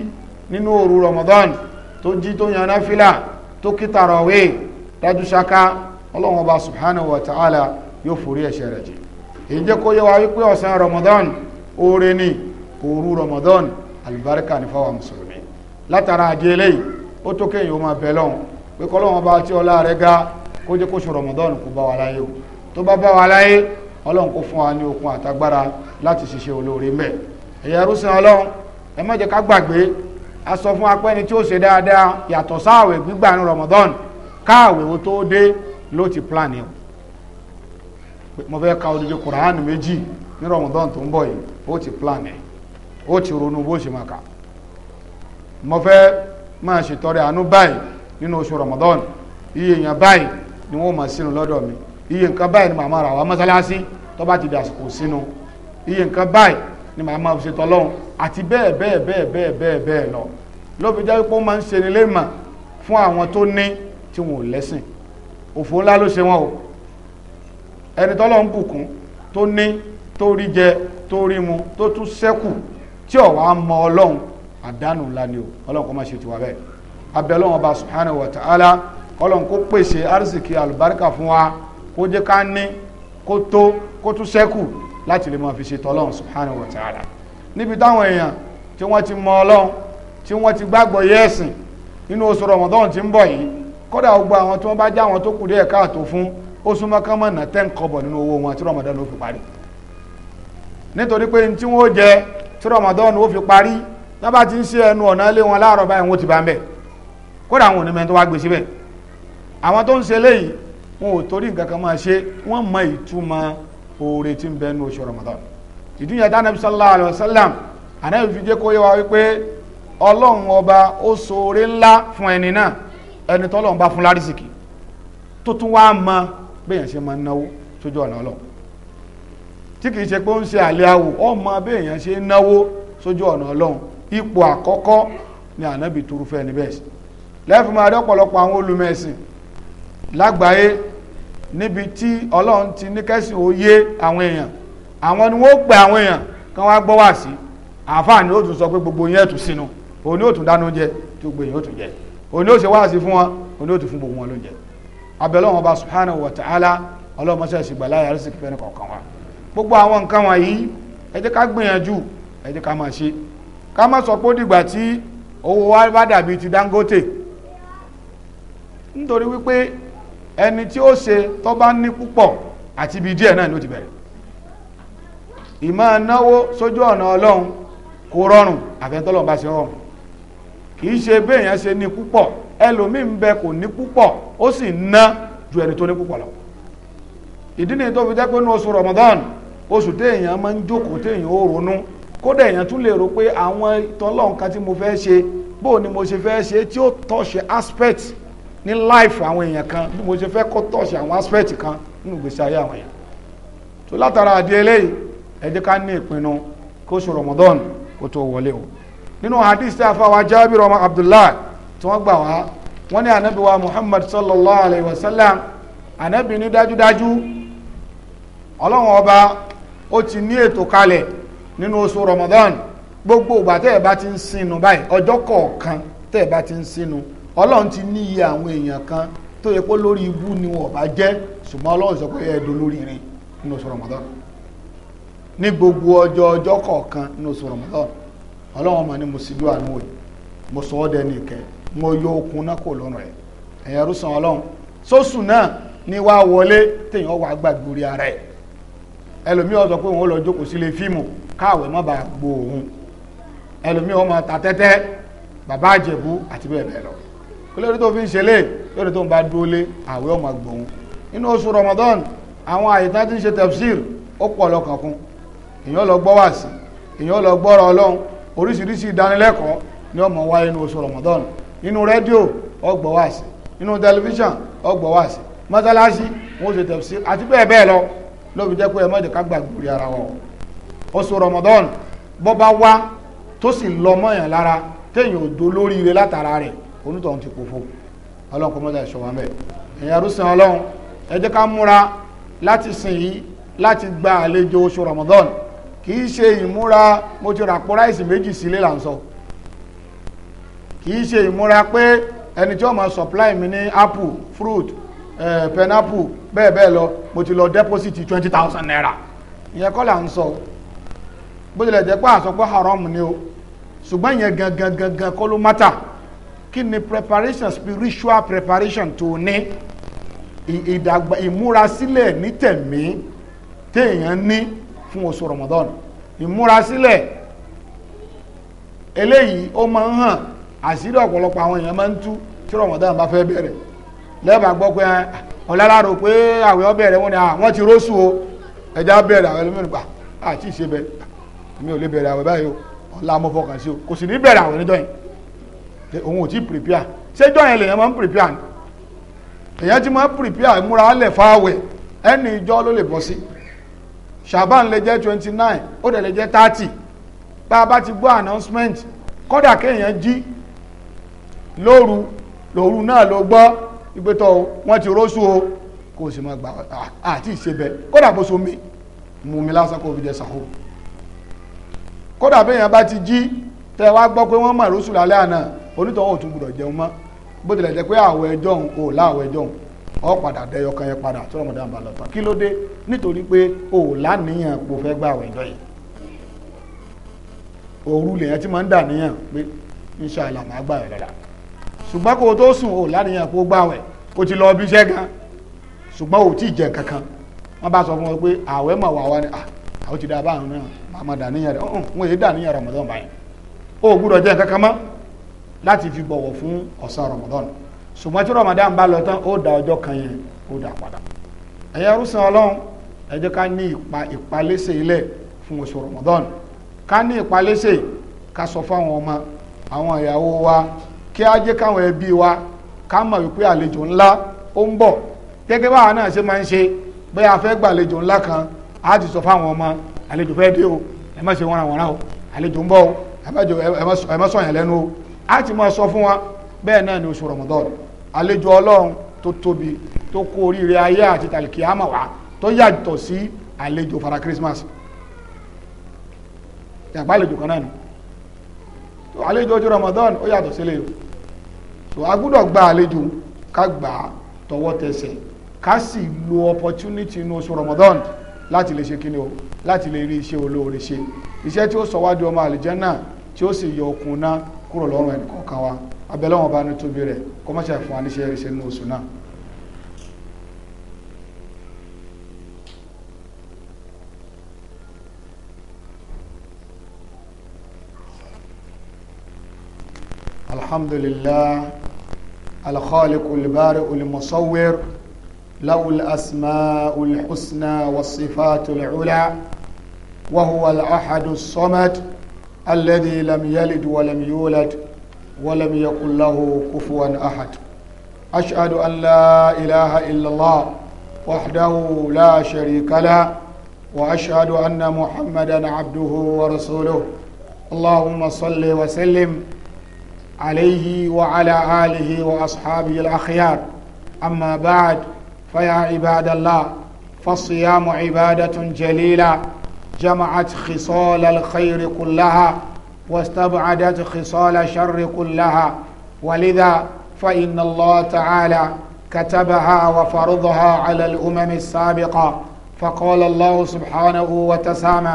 nínú òru Ramadan tó jí tó yan náfìlà tó kí tàràwé dájú ṣáká ọlọ́run ọba subhanahu wa ta'ala yóò forí ẹ̀ṣẹ̀ rẹ̀ jì èyí jẹ́ kó yẹ wá wípé ọ̀sán ramadan oore ni òru ramadan alibarika ní fáwọn mùsùlùmí látara àjẹ eléyìí ó tó kéèyàn ó máa bẹ lọ́hùn pé kọ́lọ́run ọba tí ọlá rẹ̀ ga kó jẹ́ kó ṣe ramadan kó bá wa láyé o tó bá bá wa láyé ọlọ́run kó fún wa ní okun àtagbára láti ṣiṣẹ́ olóore mẹ́ ẹ̀yà rúṣin ọlọ́run ẹ má jẹ́ ká gbàgbé a sọ fún apẹ́ ni tí ó ṣe dáadáa yàtọ̀ sáàwẹ̀ gbígbà ní Ramadan káàwẹ̀ wo tó dé ló ti plan yẹn mo fẹ́ ka odidi kuraani méjì ní Ramadan tó ń bọ̀ yìí ó ti plan yẹn ó ti ronú bó ṣe máa kà mo fẹ́ máa ṣètọrẹ àánú báyìí nínú oṣù Ramadan iye èèyàn báyìí ni wọ́n máa sínú lọ́dọ̀ mi iye nǹkan báyìí ni màá máa rà wá mọ́sálásí tó bá ti dàsìkò sínú iye nǹkan báyìí ni màá máa ṣètọ́ lọ́hùn àti bẹ́ẹ̀ bẹ́ẹ̀ bẹ́ẹ̀ bẹ́ẹ̀ bẹ́ẹ̀ bẹ́ẹ̀ lọ ló fi jẹ́ pé ó máa ń ṣe nílé mà fún àwọn tó ní tí wọn ò lẹ́sìn òfò ńlá ló ṣe wọn o ẹni tọ́lọ́ ń bùkún tó ní tó rí jẹ tó rí mu tó tún ṣẹ́kù tí ó wá mọ ọlọ́run àdánù ńlá ni o ọlọ́run kó má ṣe tiwa bẹ́ẹ̀ abẹ́ ọlọ́run ọba subhanahu wa ta'ala ọlọ́run kó pèsè arísìkì àlùbáríkà fún wa kó jẹ́ ká ní kó tó kó tún ṣẹ́kù láti lè máa fi ṣe tọ́lọ́run subhanahu wa ta'ala níbi táwọn èèyàn tí wọ́n ti mọ ọlọ́run tí wọ́n ti gbàgbọ́ yẹ́sìn nínú oṣù rọmọdọ́n tí ń bọ̀ yìí kódà gbogbo àwọn tí wọ́n bá já àwọn tó kù díẹ̀ káàtó fún ó súnmọ́ kán mọ̀ náà tẹ́ǹ kọ́bọ̀ nínú owó wọn tí rọmọdọ́n ó fi parí nítorí pé tí wọ́n jẹ tí rọmọdọ́n ó fi parí tá bá ń ṣe ẹnu ọ̀nà ilé wọn láàárọ̀ báyìí wọn ti bá ń bẹ̀ kódà àwọn onímọ̀ tó wá gbé síbẹ̀ àwọn tó ń ṣe léyìí wọn ò torí nǹkan kan máa ṣe wọ́n mọ ìtumọ̀ oore tí ń bẹ nínú oṣù rọmọdọ́n ìdúnyà tá anabi sallallahu alayhi wa sallam anabi fi jẹ́ kó yẹ wa wípé ọlọ́run ọba ó ṣoore ńlá fún ẹni náà ẹni tọ́lọ́run bá fún lárísìkì tó tún wá mọ béèyàn ṣe máa náwó sójú ọ̀nà ọlọ́run tí kìí ṣe pé ó ń ṣe àlẹ́ àwò ọmọ béèyàn ṣe náwó sójú ọ̀nà ọlọ́run ipò àkọ́kọ́ ni anabi turu fẹ́ ẹni bẹ́ẹ̀ sí lẹ́fì máa dé ọ̀pọ̀lọpọ̀ àwọn olùmẹ̀sìn lágbàáyé níbi tí ọlọ́run ti ní kẹ́sìn òye àwọn èèyàn àwọn ni wọ́n pe àwọn èèyàn kí wọ́n gbọ́ wá sí àáfàá ni ó tún sọ pé gbogbo yẹn tún sínú òun ni ó tún dáná oúnjẹ tí gbogbo yẹn ó tún jẹ òun ni ó ṣe wá sí fún wọn òun ni ó tún fún gbogbo wọn lóúnjẹ abẹ́lẹ́ wọn bá subhanahu wa ta'ala ọlọ́mọṣẹ́ ìṣìgbàlá yàrá sì kífẹ́ ní kọ̀ọ̀kan wa gbogbo àwọn nǹkan wọ̀nyí ẹ jẹ́ ká gbìyànjú ẹ jẹ́ ká máa ṣe ká má sọ pé ó dìgbà tí owó wa bá dàbí ti Dangote nítorí wípé ẹni tí ó ṣe tó bá ní púpọ̀ àti ibi díẹ̀ náà ló ti bẹ̀rẹ̀ ìmọ̀ náwó sójú ọ̀nà ọlọ́run kò rọrùn àfẹ́tọ́lọ́run ṣe rọrùn kì í ṣe béèyàn ṣe ní púpọ̀ ẹlòmíì bẹ kò ní púpọ̀ ó sì ná ju ẹni tó ní púpọ̀ lọ ìdí ni tó fi jẹ́ pé ní oṣù Ramadan oṣù téèyàn máa ń jókòó téèyàn ó ronú kódà èèyàn tún lè rò pé àwọn ni mo ṣe fẹ́ ṣe tí aspect ní life àwọn èèyàn kan bí mo ṣe fẹ́ aspect kan nínú ìgbésí ayé àwọn èèyàn tó látara ẹ jẹ́ ká ní ìpinnu kó oṣù Ramadan kó tó wọlé o nínú hadith tí a fa wa Abdullah tí wọ́n gbà wá wọ́n ní anabi wa Muhammad sallallahu alayhi wa sallam anabi ní dájúdájú ọlọ́run ọba ó ti ní ètò kalẹ̀ nínú oṣù Ramadan gbogbo ìgbà tẹ́ ẹ̀ bá ti ń sinu báyìí ọjọ́ kọ̀ọ̀kan tẹ́ ẹ̀ bá ti ń sinu ọlọ́run ti ní iye àwọn èèyàn kan tó yẹ kó lórí ibú ni wọ́n bá jẹ́ ṣùgbọ́n ọlọ́run sọ pé ẹ̀ lórí rẹ̀ nínú oṣù Ramadan ní gbogbo ọjọ́ ọjọ́ kọ̀ọ̀kan ní oṣù Ramadan ọlọ́wọ́n ma ní mo sì yọ àánú òye mo sọ ọ́ dẹni ìkẹ́ mo yọ okun náà kò lọ́rùn ẹ̀ ẹ̀yẹ rúsan ọlọ́run sóṣù náà ni wàá wọlé téèyàn wàá gbàgbé orí ara ẹ̀ ẹlòmíràn sọ pé òun ó lọ jókòó sílé fíìmù káàwé má bàa gbó òun ẹlòmíràn máa ta tẹ́tẹ́ bàbá àjẹ̀bú àti bẹ́ẹ̀ bẹ́ẹ̀ lọ olórí tó Ramadan àwọn àyètá ti ń ṣe ó pọ̀ lọ́kàn kún èyàn lọ gbọ́ wà sí èyàn lọ gbọ́rọ̀ ọlọ́run oríṣiríṣi ìdánilẹ́kọ̀ọ́ ni ọmọ wáyé nínú oṣù Ramadan nínú rédíò ọgbọ̀ wà sí nínú tẹlifíṣàn ọgbọ̀ wà sí mọ́sálásí wọn ó ṣe tẹ̀sí àti bẹ́ẹ̀ bẹ́ẹ̀ lọ ló jẹ́ pé ẹ má jẹ́ ká gbàgbórí ara wọn oṣù Ramadan bọ́ bá wá tó sì lọ mọ́yàn lára téèyàn ò do lórí ire látara rẹ̀ onítọ̀hún ti pòfo ọlọ́run kọ́ mọ́tà ìṣọ̀wá mẹ́ Ramadan kì í ṣe ìmúra mo ti ràpọ̀ ráìsì méjì sílé là ń sọ kì í ṣe ìmúra pé ẹni tí ó máa supply mi ní apple fruit eh, pineapple bẹ́ẹ̀ bẹ́ẹ̀ lọ mo ti lọ deposit twenty thousand naira ìyẹn kọ́ là ń sọ bó tilẹ̀ jẹ́ pé haram ni o ṣùgbọ́n ìyẹn gangan gangan kọ́ ló mátà kí ni preparation spiritual preparation tó ní ìdàgbà ìmúrasílẹ̀ ní tẹ̀mí téèyàn ní fún oṣù Ramadan ìmúrasílẹ̀ eléyìí ó máa ń hàn àṣírí ọ̀pọ̀lọpọ̀ àwọn èèyàn máa ń tú tí Ramadan bá fẹ́ bẹ̀rẹ̀ lẹ́ẹ̀bà gbọ́ pé ọ̀làlárò pé àwẹ̀ ọbẹ̀rẹ̀ wọn ni àwọn ti róṣù o ẹja bẹ̀rẹ̀ àwẹ̀ lómìnira pa àti ìṣe bẹ̀rẹ̀ mi ò lè bẹ̀rẹ̀ àwẹ̀ báyìí o ọ̀la mo fọkàn sí o kò sì ní bẹ̀rẹ̀ àwẹ̀ níjọ́ yẹn òun ò tí prepare ṣéjọ́ yẹn lèèyàn máa ń prepare èèyàn ti máa ń prepare múra lẹ̀ fáwẹ̀ ẹni ìjọ́ ló lè bọ́ sí shaban lè jẹ́ twenty nine ó dẹ̀ lè jẹ́ thirty tá a bá ti gbọ́ announcement kódà kéèyàn jí lóru lóru náà ló gbọ́ ìgbétọ̀ wọ́n ti róṣù o kò sì máa gbà àti ìṣebẹ̀ kódà bó so mi mú mi lásán kó fi jẹ sàhó kódà béèyàn bá ti jí tẹ wá gbọ́ pé wọ́n mọ̀ róṣù lálẹ́ àná onítọ̀hún ò tún gbọdọ̀ jẹun mọ́ bó tilẹ̀ jẹ́ pé àwọ̀ ẹjọ́ òun ò láwọ̀ ẹjọ́ òun ọ padà dẹyọ kan yẹn padà tí Ramadan bá tán kí ló dé nítorí pé o ò lánìyàn kò fẹ́ gbà wẹ̀jọ yìí òru lèyàn tí máa ń dà níyàn pé gbà ṣùgbọ́n kò tó sùn o lánìyàn kò ti lọ bíṣẹ́ gan ṣùgbọ́n o sọ fún ọ pé wá wá ni àwọn ah, ti dá náà dà níyàn èyí dà níyàn Ramadan báyìí o gbúdọ̀ jẹ kankan mọ́ fi bọ̀wọ̀ fún ọ̀sán Ramadan ṣùgbọ́n tí Ramadan bá lọ tán ó da ọjọ́ kan yẹn ó dà padà ẹ̀yẹ rúṣin ọlọ́run ẹ jẹ́ ká ní ìpa ìpalẹ́sẹ̀ ilẹ̀ fún oṣù Ramadan ká ní ìpalẹ́sẹ̀ ká sọ fáwọn ọmọ àwọn ìyàwó wa kí á jẹ́ káwọn ẹbí wa ká mọ̀ wípé àlejò ńlá ó ń bọ̀ gẹ́gẹ́ báwa náà ṣe máa ń ṣe bóyá a fẹ́ gbàlejò ńlá kan á ti sọ fáwọn ọmọ àlejò fẹ́ dé o ẹ má ṣe wọ́nra wọ́nra o àlejò ń bọ̀ o ẹ má sọ àlejò ọlọ́run tó tóbi tó kó oríire ayé àti tàlìkì àmọ̀ wá tó yàtọ̀ sí àlejò fara Christmas yàgbá àlejò kan náà ni tó àlejò ojú Ramadan ó yàtọ̀ sílẹ̀ o so a gbúdọ̀ gba àlejò ká gbà á tọwọ́ tẹsẹ̀ ká sì lo opportunity inú oṣù Ramadan láti lè ṣe kíni o láti lè rí iṣẹ́ olóore ṣe iṣẹ́ tí ó sọ wá ọmọ àlìjẹ́ náà tí ó sì yọ okùn náà kúrò lọ́rùn ẹnìkọ̀ọ̀kan wa. abẹ́lẹ́ wọn bá ní tóbi rẹ̀ kọ́ kọ́mọ́ṣẹ́ fún wa níṣẹ́ rí ṣe nínú oṣù náà الحمد لله الخالق البارئ المصور له الأسماء الحسنى والصفات العلى وهو الأحد الصمد الذي لم يلد ولم يولد ولم يكن له كفوا أحد أشهد أن لا إله إلا الله وحده لا شريك له وأشهد أن محمدا عبده ورسوله اللهم صل وسلم عليه وعلى آله وأصحابه الأخيار أما بعد فيا عباد الله فالصيام عبادة جليلة جمعت خصال الخير كلها واستبعدت خصال الشر كلها ولذا فإن الله تعالى كتبها وفرضها على الأمم السابقة فقال الله سبحانه وتسامى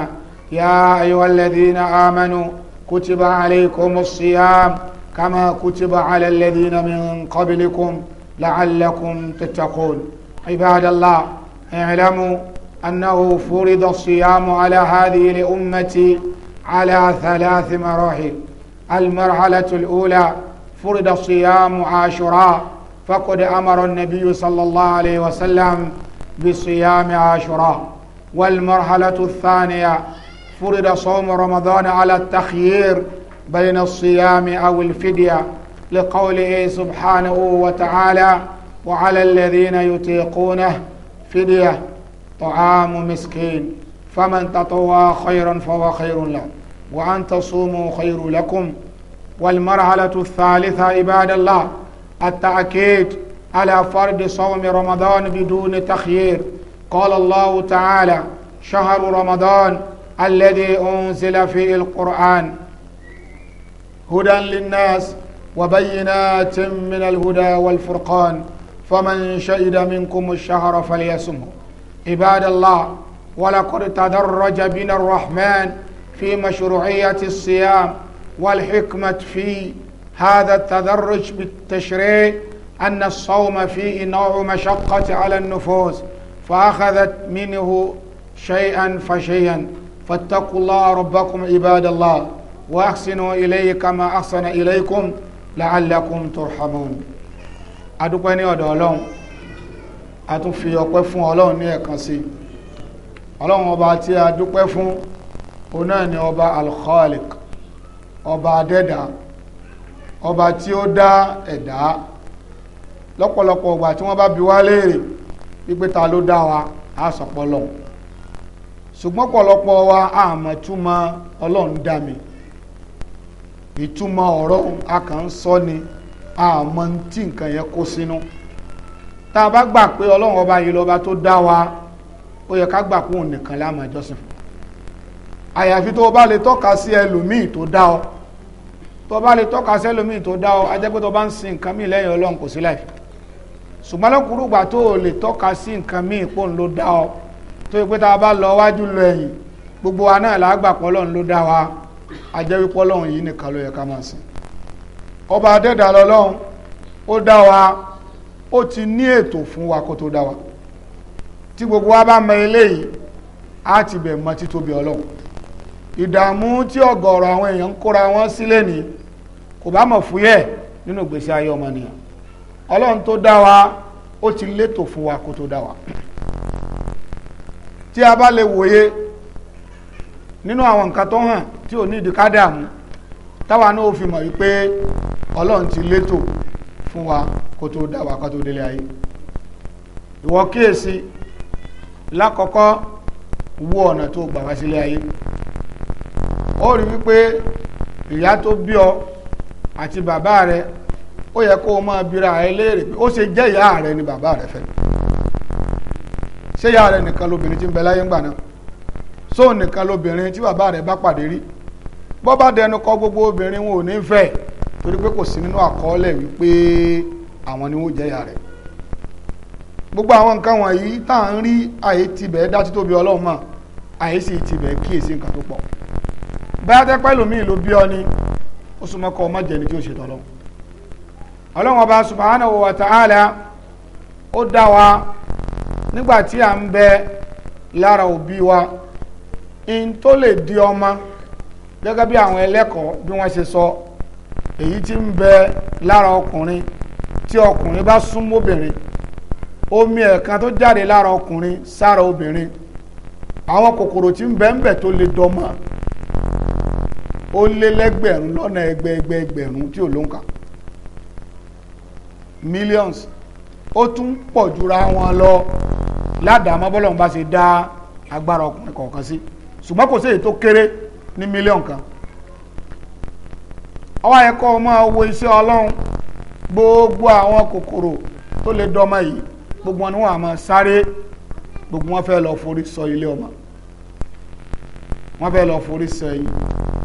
يا أيها الذين آمنوا كتب عليكم الصيام كما كتب على الذين من قبلكم لعلكم تتقون عباد الله اعلموا أنه فرض الصيام على هذه الأمة على ثلاث مراحل المرحلة الأولى فرض صيام عاشوراء فقد أمر النبي صلى الله عليه وسلم بصيام عاشوراء والمرحلة الثانية فرض صوم رمضان على التخيير بين الصيام أو الفدية لقوله إيه سبحانه وتعالى وعلى الذين يطيقونه فدية طعام مسكين فمن تطوى خيرا فهو خير له وأن تصوموا خير لكم والمرحلة الثالثة عباد الله التأكيد على فرض صوم رمضان بدون تخيير قال الله تعالى شهر رمضان الذي أنزل فيه القرآن هدى للناس وبينات من الهدى والفرقان فمن شهد منكم الشهر فليصمه عباد الله ولقد تدرج بنا الرحمن في مشروعية الصيام والحكمة في هذا التدرج بالتشريع أن الصوم فيه نوع مشقة على النفوس فأخذت منه شيئا فشيئا فاتقوا الله ربكم عباد الله وأحسنوا إليه كما أحسن إليكم لعلكم ترحمون adúpẹ́ ní ọ̀dọ̀ ọlọ́run a tún fi ọpẹ́ fún òun náà ni ọba alkhalik ọba adẹ́dà ọba tí ó dá ẹ̀dá lọ́pọ̀lọpọ̀ ọgbà tí wọ́n bá bi wá léèrè wípé ta ló dá wa á sọpọ̀ lọ́hùn ṣùgbọ́n pọ̀lọpọ̀ wa àmọ́ túmọ̀ ọlọ́run dá mi ìtumọ̀ ọ̀rọ̀ a kàn ń sọ ni tí nǹkan yẹn kó sínú tá a bá gbà pé ọlọ́run ọba yìí lọ́ba tó dá wa ó yẹ ká gbà pé òun nìkan la máa jọ́sìn fún àyàfi tó bá lè tọ́ka sí ẹlòmíì tó dá ọ tó bá lè tọ́ka sí ẹlòmíì tó dá ọ ajẹ́ pé tó bá ń sin nǹkan míì lẹ́yìn ọlọ́run kò sí láìfi ṣùgbọ́n lọ́kùnrùgbà tó o lè tọ́ka sí nǹkan míì pò ń ló dá ọ tó yẹ pé tá a bá lọ wájú lọ ẹ̀yìn gbogbo wa náà làá gbà pọ́lọ́run ló dá wa ajẹ́ wípé ọlọ́run yìí nìkan ló yẹ ká máa sìn ọba adẹ́dà lọ́lọ́run ó dá wa ó ti ní ètò fún wa kó tó dá wa tí gbogbo wa bá mọ eléyìí á ti bẹ̀ mọ títóbi ọlọ́run ìdààmú tí ọ̀gọ̀ọ̀rọ̀ àwọn èèyàn ń kóra wọn sílẹ̀ ní kò bá mọ̀ fúyẹ́ nínú ìgbésí ayé ọmọnìyàn ọlọ́run tó dá wa ó ti létò fún wa kó tó dá wa tí a bá lè wòye nínú àwọn nǹkan tó hàn tí ò ní ìdíká dààmú táwa náà ó fi mọ̀ wípé ọlọ́run ti létò fún wa kó tó dá wa kó tó délé ayé ìwọ kíyèsí lákọ̀ọ́kọ́ wo ọ̀nà tó gbà wá sílé ayé ó rí wípé ìyá tó bí ọ àti bàbá rẹ ó yẹ kó o máa bira ẹ léèrè pé ó ṣe jẹ́ ìyá rẹ ni bàbá rẹ fẹ́ ṣé ìyá rẹ nìkan lobìnrin ti ń bẹ láyé ńgbà náà sóun nìkan lobìnrin tí bàbá rẹ bá pàdé rí bọ́ bá dẹnu kọ gbogbo obìnrin wọn ò ní fẹ́ torí pé kò sí nínú àkọọ́lẹ̀ wípé àwọn ni wọ́n jẹ́ ìyá rẹ̀ gbogbo àwọn nǹkan wọ̀nyí tá à ń rí àyè tibẹ̀ dá títóbi ọlọ́run mọ̀ àyè sì tibẹ̀ kíyèsí nǹkan tó pọ̀ báyà tẹ́ pẹ́ lómi ìlú bí ọ ni ó súnmọ́ kọ́ ọmọ tí ó ṣe tọ́lọ́ ọba subhanahu wa ta'ala ó dá wa nígbà tí à ń bẹ lára òbí wa in tó lè di ọma gẹ́gẹ́ bí àwọn ẹlẹ́kọ̀ọ́ bí wọ́n ṣe sọ èyí tí ń bẹ lára ọkùnrin tí ọkùnrin bá omi tó jáde lára ọkùnrin sára obìnrin àwọn kòkòrò tí ń bẹ ń ó lé lẹ́gbẹ̀rún lọ́nà ẹgbẹ̀ẹgbẹ̀ẹgbẹ̀rún tí ò ló ń kà millions ó tún pọ̀ jura wọn lọ ládàámọ́ bọ́lọ́run bá ṣe dá agbára ọkùnrin kọ̀ọ̀kan sí ṣùgbọ́n kò sí èyí tó kéré ní mílíọ̀n kan ọwọ́ ẹ̀kọ́ ọmọ wo iṣẹ́ ọlọ́run gbogbo àwọn kòkòrò tó lè dọ́mọ yìí gbogbo wọn ni wọn àmọ́ sáré gbogbo wọn fẹ́ lọ forí sọ ilé ọmọ wọn fẹ́ lọ forí sọ ẹyin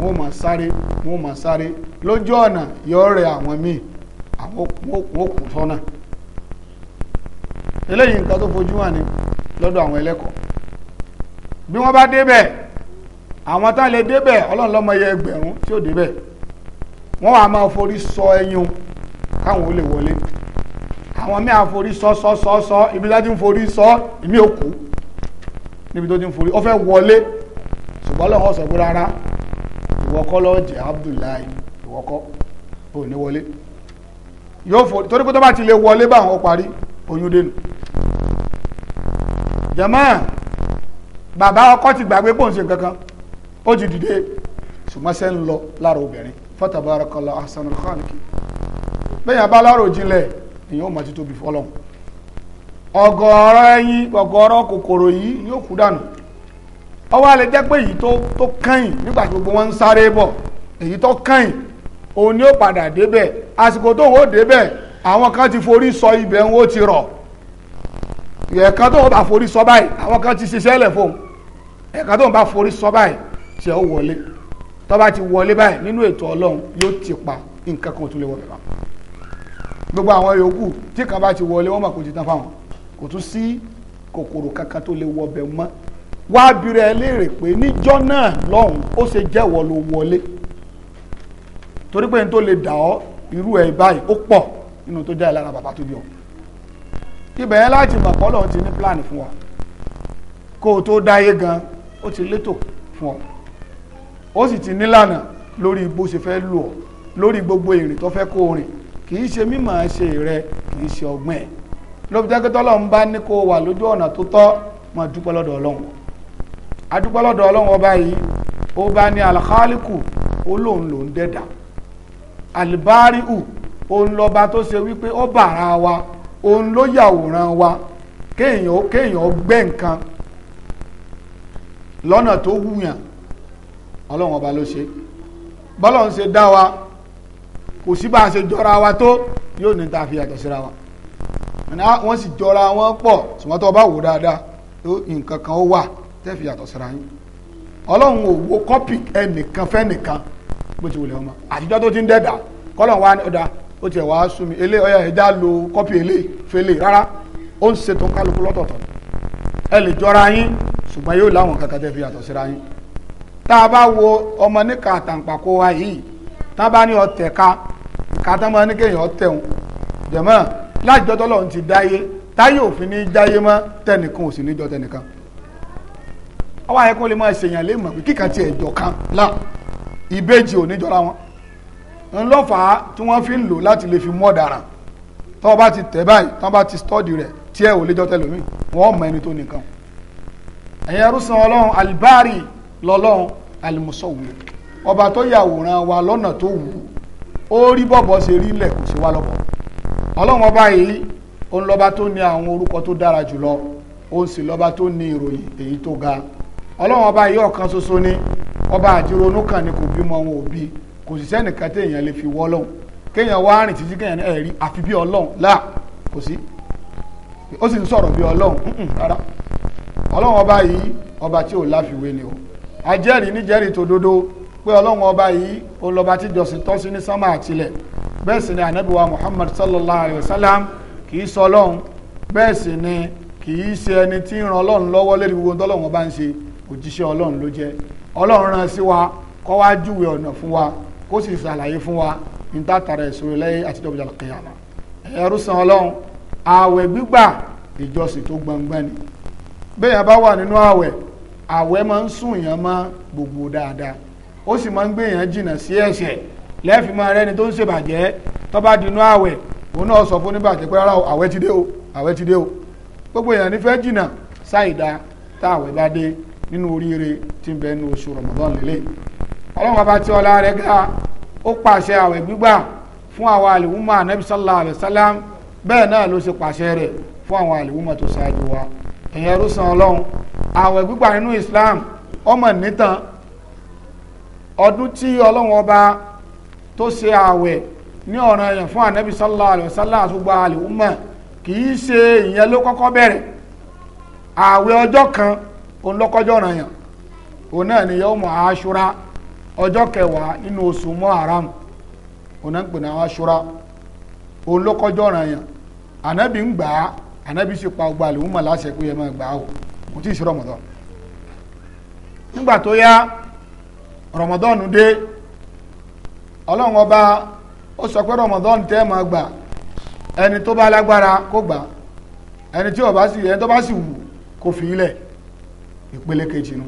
wọ́n máa sáré wọ́n máa sáré lójú ọ̀nà yóò rẹ àwọn míì àwọn òkun sọ́nà eléyìí nǹkan tó fojú ní lọ́dọ̀ àwọn ẹlẹ́kọ̀ọ́ bí wọ́n bá débẹ̀ àwọn tá lè débẹ̀ ọlọ́run lọ́mọ yẹ ẹgbẹ̀rún tí débẹ̀ wọ́n máa forí sọ ẹyin káwọn ó lè wọlé àwọn míì ti ń forí sọ ìmí òkú níbi ti ń forí ó fẹ́ wọlé ṣùgbọ́n ìwọ́kọ́ lọ́ọ́ jẹ́ Abdullahi ìwọ́kọ́ ò ní wọlé yóò fò torí pé tó bá ti lè wọlé báwọn ó parí oyún dénú jàmáà bàbá ọkọ ti gbàgbé pò ń ṣe kankan ó ti dìde ṣùgbọ́n ṣe ń lọ lára obìnrin fatabarakallahu ahsanul khaliqin bẹ́ẹ̀ bá lára òjìnlẹ̀ èèyàn ó ti tóbi fọlọ́hún ọ̀gọ̀ọ̀rọ̀ ẹyin ọ̀gọ̀ọ̀rọ̀ kòkòrò yìí yóò kú dànù ọwọ́ alẹ́ jẹ́ pé èyí tó kẹ́yìn nígbà tí gbogbo wọn ń sáré bọ̀ èyí tó kẹ́yìn òun ni ó padà débẹ̀ àsìkò tó wò débẹ̀ àwọn kan ti forí sọ ibẹ̀ ń wó ti rọ̀ ẹ̀ẹ̀kan tó wọ́n bá forí sọ báyìí àwọn kan ti ṣiṣẹ́ lẹ̀ fóun ẹ̀ẹ̀kan tó wọ́n bá forí sọ báyìí tí ó wọlé tó bá ti wọlé báyìí nínú ètò ọlọ́run yóò ti pa nǹkan kan tó lè wọlé bá gbogbo àwọn yòókù tí kan bá ti wọlé wọ́n mọ̀ kó ti tán fáwọn kò tún sí kòkòrò kankan tó lè wọbẹ̀ mọ́ wá bìrẹ̀ ẹ pé níjọ́ náà lọ́hùn ó ṣe jẹ́wọ́ ló wọlé torí pé n tó lè dà ọ́ irú ẹ̀ báyìí ó pọ̀ nínú tó jẹ́ bàbá tó bí ọ ibẹ̀ yẹn láti mọ̀ kọ́ ti ní plan fún wa kó o tó dáyé gan ó ti létò fún ọ ó sì ti nílànà lórí bó ṣe fẹ́ lò ọ gbogbo ìrìn tó fẹ́ kó o rìn kì í ṣe mímọ̀ ṣe rẹ kì í ṣe ọgbọ́n lóbi jẹ́ bá o wà lójú ọ̀nà adúpọ́lọ́dọ̀ ọlọ́run ọba yìí ọba ní alkhaliku olóhùn ló ń dẹ̀dà alibariu òun lọ́ba tó ṣe wípé ó bàrà wa òun ló yàwòrán wa kéèyàn kéèyàn gbẹ́ nǹkan lọ́nà tó wùyàn ọlọ́run ọba ló ṣe bọ́lọ́run ṣe dá wa kò sí bá a ṣe jọra wa tó yóò ní ta fi yàtọ̀ síra wa wọ́n sì jọra wọn pọ̀ ṣùgbọ́n tó bá wò dáadáa tó nǹkan kan ó wà tẹ́ẹ̀fì yàtọ̀ síra yín ọlọ́run ò wo kọ́pì ẹnìkan fẹ́nìkan bó ti wulẹ̀ ọmọ àtijọ́ tó ti ń dẹ́dà kọ́lọ́run wa ọ̀dà ó tiẹ̀ wá sún mi elé ọ̀yà ẹ̀dá lo kọ́pì ele fẹ́lẹ̀ rárá ó ń ṣètò kálukú lọ́tọ̀ọ̀tọ̀ ẹ lè jọra yín ṣùgbọ́n yóò láwọn kankan tẹ́ẹ̀fì yàtọ̀ síra yín tá a bá wo ọmọ níka àtàǹpàkò wa yìí tá a bá ní ọtẹ̀ ká kàtà máa ní kéèyàn ọtẹ̀ ọwọ́ àyẹ̀kọ́ lè máa ṣèyàn lé mọ̀ pé kíkà tiẹ̀ jọ kan lá ìbejì ò ní jọra wọn ńlọ́fàá tí wọ́n fi ń lò láti lè fi mú ọ̀daràn tọ́ bá ti tẹ̀ báyìí tọ́ bá ti stọ́ọ̀dì rẹ̀ tí ẹ ò lè jọ tẹlómi wọ́n mọ ẹni tó nìkan ẹ̀yin ẹrúsàn ọlọ́run alibari lọ́lọ́run alimusọ̀wù ọba tó yàwòrán wa lọ́nà tó wù ó rí bọ́bọ́ ṣe rí lẹ̀ kò sí wa lọ́bọ̀ ọlọ́run ọba yìí ó ń lọ́ba tó ní àwọn orúkọ tó dára jùlọ ó sì lọ́ba tó ní ìròyìn èyí tó ga ọlọ́run ọba yìí ọ̀kan ṣoṣo ni ọba àjẹronú kan ni kò bímọ wọn ò bí kò sì sẹ́nìkan téèyàn lè fi wọ́ lọ́hùn kéèyàn wá rìn títí kéèyàn ẹ̀ rí àfi bí ọlọ́run láà kò sí ó sì ń sọ̀rọ̀ bí ọlọ́run rárá ọlọ́run ọba yìí ọba tí ò láfiwé ni o ajẹ́rìí níjẹ́rìí tó dodo pé ọlọ́run ọba yìí olọba tí jọsìn tọ́ sí ní sánmà àtilẹ̀ bẹ́ẹ̀ sì ni ànábì muhammad sallallahu alayhi wa sallam kì í sọ ọlọ́run bẹ́ẹ̀ sì ni kì í ṣe ẹni tí ń ran ọlọ́run lọ́wọ́ lórí gbogbo tọ́lọ́run ọba ń ṣe òjíṣẹ́ ọlọ́run ló jẹ́ ọlọ́run rán sí wa kó wá júwe ọ̀nà fún wa kó sì ṣàlàyé fún wa ní tàtàrà ìṣòro lẹ́yìn àti dọ́bìjà kìyàmà ẹ̀rú san ọlọ́run ààwẹ̀ gbígbà ìjọsìn tó gbangba ni bẹ́ẹ̀ bá wà nínú ààwẹ̀ ààwẹ̀ máa ń sún èèyàn mọ́ gbogbo dáadáa ó sì máa ń gbé èèyàn jìnnà sí ẹ̀ṣẹ̀ lẹ́ẹ̀fì máa rẹ́ni tó ń ṣèbàjẹ́ tó bá dinú ààwẹ̀ òun náà sọ fún níbàjẹ́ pé rárá ààwẹ̀ ti dé o ààwẹ̀ ti dé o gbogbo èèyàn nífẹ̀ẹ́ jìnnà sáìdá táàwẹ̀ bá dé nínú oríire tí ń bẹ nínú oṣù Ramadan lélẹ̀ ọlọ́run ọba tí ọlá rẹ̀ ga ó pàṣẹ àwẹ̀ gbígbà fún àwọn àlùmọ́ anabi sallallahu alayhi wa sallam bẹ́ẹ̀ náà ló ṣe pàṣẹ rẹ̀ fún àwọn àlùmọ́ tó ṣáájú wa ẹ̀yin ẹrú san ọlọ́run àwẹ̀ gbígbà nínú Islam ọmọ nìtàn ọdún tí ọlọ́run ọba tó ṣe àwẹ̀ ní ọ̀ràn èèyàn fún anabi sallallahu àtúgbà àlùmọ́ kì í ṣe ìyẹn ló kọ́kọ́ bẹ̀rẹ̀ àwẹ̀ ọjọ́ kan òun lọ́kọ́jọ́ ọ̀ràn yàn òun náà ni yawmu àṣúra ọjọ́ kẹwàá nínú oṣù Muharram òun náà ń pè ní àwọn àṣúra òun lọ́kọ́jọ́ yàn ànábì ń gbà á ànábì sì pa ọgbà lòun láṣẹ pé ẹ máa gbà á o kò Ramadan nígbà tó yá Ramadan dé ọlọ́run ọba ó sọ pé tẹ́ máa gbà ẹni tó bá ìpele kejì nu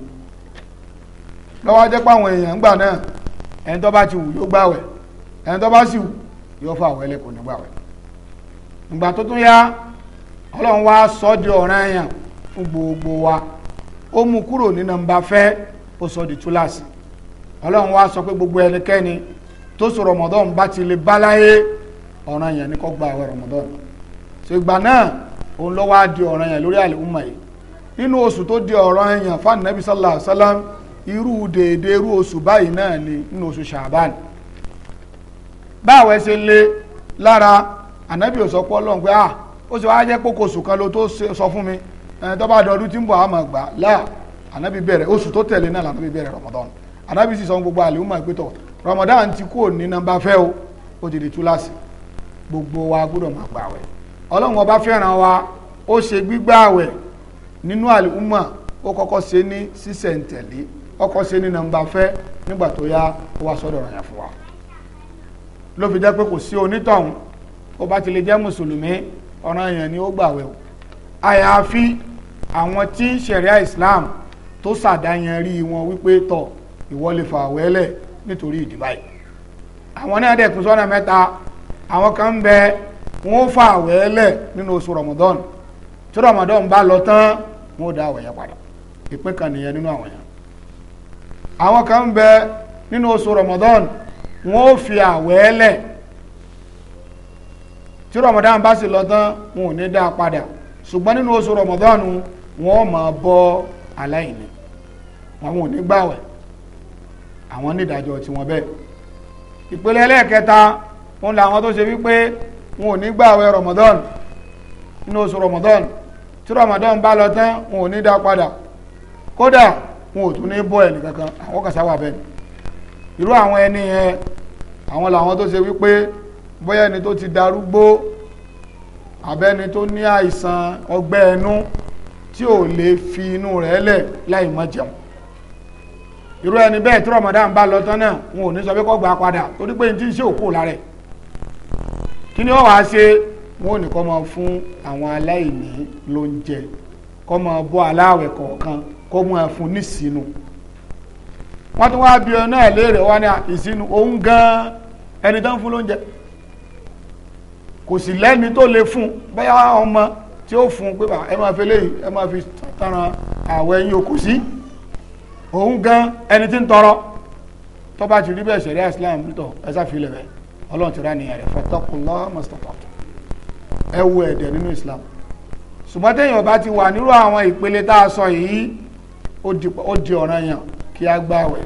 lọ́wọ́ ajẹ́ páwọn èèyàn gbà náà ẹni tó bá ti wù yóò gbàwẹ̀ ẹni tó bá sì wù yóò fà wẹ́lẹ̀ kò ní gbàwẹ̀ ìgbà tó tún sọ di ọ̀ràn èèyàn fún gbogbo wa ó mú kúrò ní nọ́mbà fẹ́ ó sọ di gbogbo ẹnikẹ́ni tó sọ rọmọdọ́n bá ti lè ọ̀ràn èèyàn ní rọmọdọ́n náà òun lọ́wọ́ á nínú oṣù tó di ọ̀ràn èèyàn fún anabi sallallahu alayhi iru sallam irú dèédé irú oṣù báyìí náà ni nínú oṣù ṣàbán báwo ẹ ṣe lé lára anabi ò sọ pé ah ó ṣe wáá jẹ́ kókó oṣù kan ló tó sọ fún mi tó bá dọdún tí ń gbà anabi bere oṣù tó tẹ̀lé náà lànàbí Ramadan anabi sì sọ gbogbo àlè Ramadan ti nàmbà o ó ti di gbogbo wa máa ọlọ́run ọba fẹ́ràn wa ó ṣe nínú àlùmọ̀ ó kọ́kọ́ ṣe ní sísẹ̀ntẹ̀lé ọkọ̀ ṣe ní nàmbà fẹ́ nígbà tó yá ó wá sọ́dọ̀ ọ̀rọ̀ yẹn fún wa ló fi jẹ́ pé kò sí onítọ̀hún ó bá ti lè jẹ́ mùsùlùmí ọ̀ràn yẹn ni ó gbàwẹ̀ o àyàfi àwọn tí ṣẹ̀ríà Islam tó ṣàdáyanrí wọn wípé tọ̀ ìwọ lè fà wẹ́lẹ̀ nítorí ìdí báyìí àwọn náà dẹ̀ kún sọ́nà mẹ́ta àwọn kan ń bẹ wọ́n fà wẹ́lẹ̀ nínú oṣù Ramadan tí ramadan bá lọ tán wọn ò dá àwẹ̀ yẹn padà ìpín kan nìyẹn nínú àwọn àwọn kan ń bẹ nínú oṣù ramadan wọn ò fi àwẹ̀ lẹ̀ tí ramadan bá sì lọ tán wọn ò ní dá a padà ṣùgbọ́n nínú oṣù ramadan wọn ò máa bọ́ aláìní àwọn ò ní àwọn tiwọn ìpele ẹlẹ́ẹ̀kẹta wọn làwọn tó ṣe wípé tí Ramadan bá lọ tán wọn ò ní dá padà kódà wọn ò tún ní bọ́ ẹnì kankan àwọn kan sáwà bẹ́ẹ̀ irú àwọn ẹni yẹn àwọn làwọn tó ṣe wípé bóyá ẹni tó ti darúgbó àbẹ́ni tó ní àìsàn ọgbẹ́ ẹnu tí ò lè fi inú rẹ̀ lẹ̀ láì mọ́ jẹun irú ẹni bẹ́ẹ̀ tí Ramadan bá lọ tán náà wọn ò ní sọ pé kó gbà padà torí pé ní tí ń ṣe òkú lára ẹ̀ kí ni ó wàá ṣe wọn ò ní kó máa fún àwọn aláìní lóúnjẹ kó máa bọ́ aláwẹ̀ kọ̀ọ̀kan kó máa fún nísìnú wọ́n tún wá bí ọ náà léèrè wá ní ìsinu òun gan ẹni tó ń fún lóúnjẹ kò sì lẹ́ni tó lè fún bẹ́yà ọmọ tí ó fún pé ẹ máa fi léyìí ẹ máa fi tọrọ àwọ̀ ẹ̀yìn òkú sí òun gan ẹni tí ń tọrọ tó ti rí bẹ́ẹ̀ sẹ̀rí islam nítọ̀ ẹ̀sà fi lẹ̀ bẹ́ẹ̀ ọlọ́run ti rá nìyẹn rẹ̀ fọtọ́kùnlọ́ mọ́sítọ́tọ́ ẹ wo ẹ̀dẹ̀ nínú Islam ṣùgbọ́n téèyàn bá ti wà nírú àwọn ìpele tá a sọ yìí ó di ọ̀ràn yàn kí a gba àwẹ̀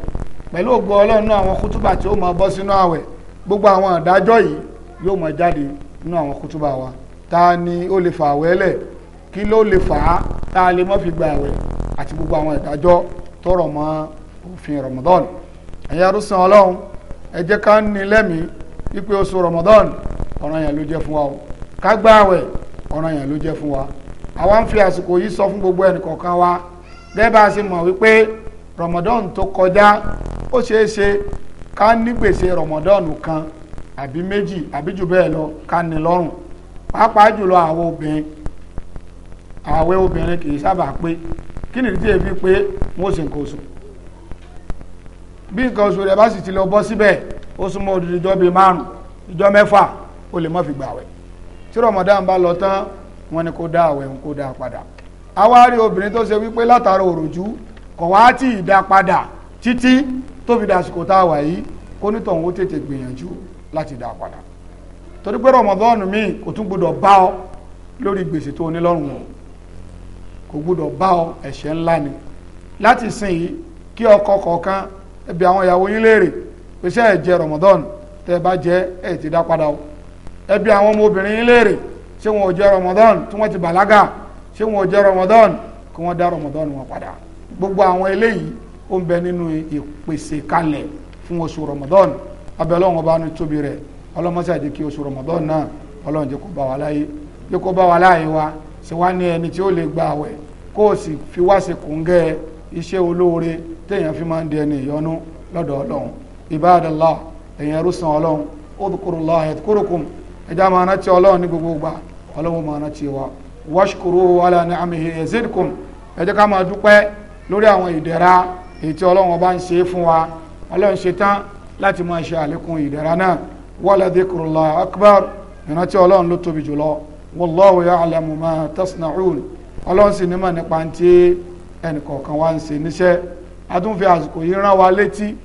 pẹ̀lú ògbó ọlọ́run náà àwọn kútúbà tí ó máa bọ́ sínú àwẹ̀ gbogbo àwọn àdájọ́ yìí yóò máa jáde nínú àwọn kútúbà wa ta ni ó lè fà àwẹ̀ lẹ̀ kí ló lè fà á tá lè má fi gba àwẹ̀ àti gbogbo àwọn ìdájọ́ tọrọ mọ́ òfin Ramadan ẹ̀yin arúsàn ọlọ́run ẹ jẹ́ ká ní lẹ́mìí wípé oṣù Ramadan ọ̀ràn yẹn ló jẹ́ fún wa o ká gbààwẹ̀ ọ̀ràn yẹn ló jẹ́ fún wa àwa ń fi àsìkò yìí sọ fún gbogbo ẹnìkọ̀ọ̀kan wa gẹ́gẹ́ bá a ṣe mọ̀ wípé Ramadan tó kọjá ó ṣeé ṣe ká ní gbèsè Ramadan kan àbí méjì àbí jù bẹ́ẹ̀ lọ ká ní lọ́rùn pàápàá jùlọ àwọn obìnrin àwẹ̀ obìnrin kì í sábà pé kí nìdí tí èéfi pé wọn ò sì nǹkan oṣù bí nǹkan oṣù rẹ̀ bá sì ti lọ bọ́ síbẹ̀ ó súnmọ́ odidi ìjọ márùn-ún ìjọ mẹ́fà ó lè má fi gbààwẹ̀ tí Ramadan bá lọ tán wọ́n ní kó dá àwẹ̀ ń kó dá padà àwa rí obìnrin tó ṣe wípé látara òròjú kò wá tí ì dá padà títí tó dàsìkò tá a wà yìí kó nítọ̀hún ó tètè gbìyànjú láti dá padà torí pé Ramadan mi kò tún gbọdọ̀ bá ọ lórí gbèsè tó ní lọ́rùn o kò gbọdọ̀ bá ọ ẹ̀ṣẹ̀ ńlá ni láti sìn yìí kí ọkọ kọ̀ọ̀kan ẹbí àwọn ìyàwó yín léèrè pèsè ẹ̀jẹ̀ Ramadan tẹ́ ẹ bá jẹ́ ẹ̀ ti dá padà o ẹbí àwọn ọmọ obìnrin yín léèrè ṣé wọn ò jẹ ramadan tí wọn ti bàlágà ṣé wọn ò jẹ ramadan kí wọn dá ramadan wọn padà gbogbo àwọn eléyìí ó ń bẹ nínú ìpèsè kalẹ̀ fún oṣù ramadan abẹ́lẹ́ wọn bá ní tóbi rẹ̀ ọlọ́mọṣẹ́ àjẹ́ kí oṣù ramadan náà ọlọ́run jẹ́ kó bá wa láyé jẹ́ kó bá wa láyé wa ṣe wá ní ẹni tí ó lè gba àwẹ̀ kó o sì fi wá ṣe kòńgẹ́ iṣẹ́ olóore téèyàn fi máa ń di ẹni ìyọnu lọ́dọ̀ ọlọ́run ibadallah ẹ̀yin ẹrú san ọlọ́run udhkurullaha yadhkurukum ẹja máa rántí ọlọ́run ní gbogbo gbà ọlọ́run máa rántí wa washkuru ala ni'amihi yazidkum ẹ jẹ́ ká máa dúpẹ́ lórí àwọn ìdẹ̀ra èyí tí ọlọ́run ọba ń ṣe fún wa ọlọ́run ṣe tán láti máa ṣe àlékún ìdẹ̀ra náà wala dhikrullahi akbar ìrántí ọlọ́run ló tóbi jùlọ wallahu ya'lamu ma tasna'un ọlọ́run sì nímọ̀ nípa ti ẹnìkọ̀ọ̀kan wa ń ṣe níṣẹ́ a àsìkò yìí rán wa létí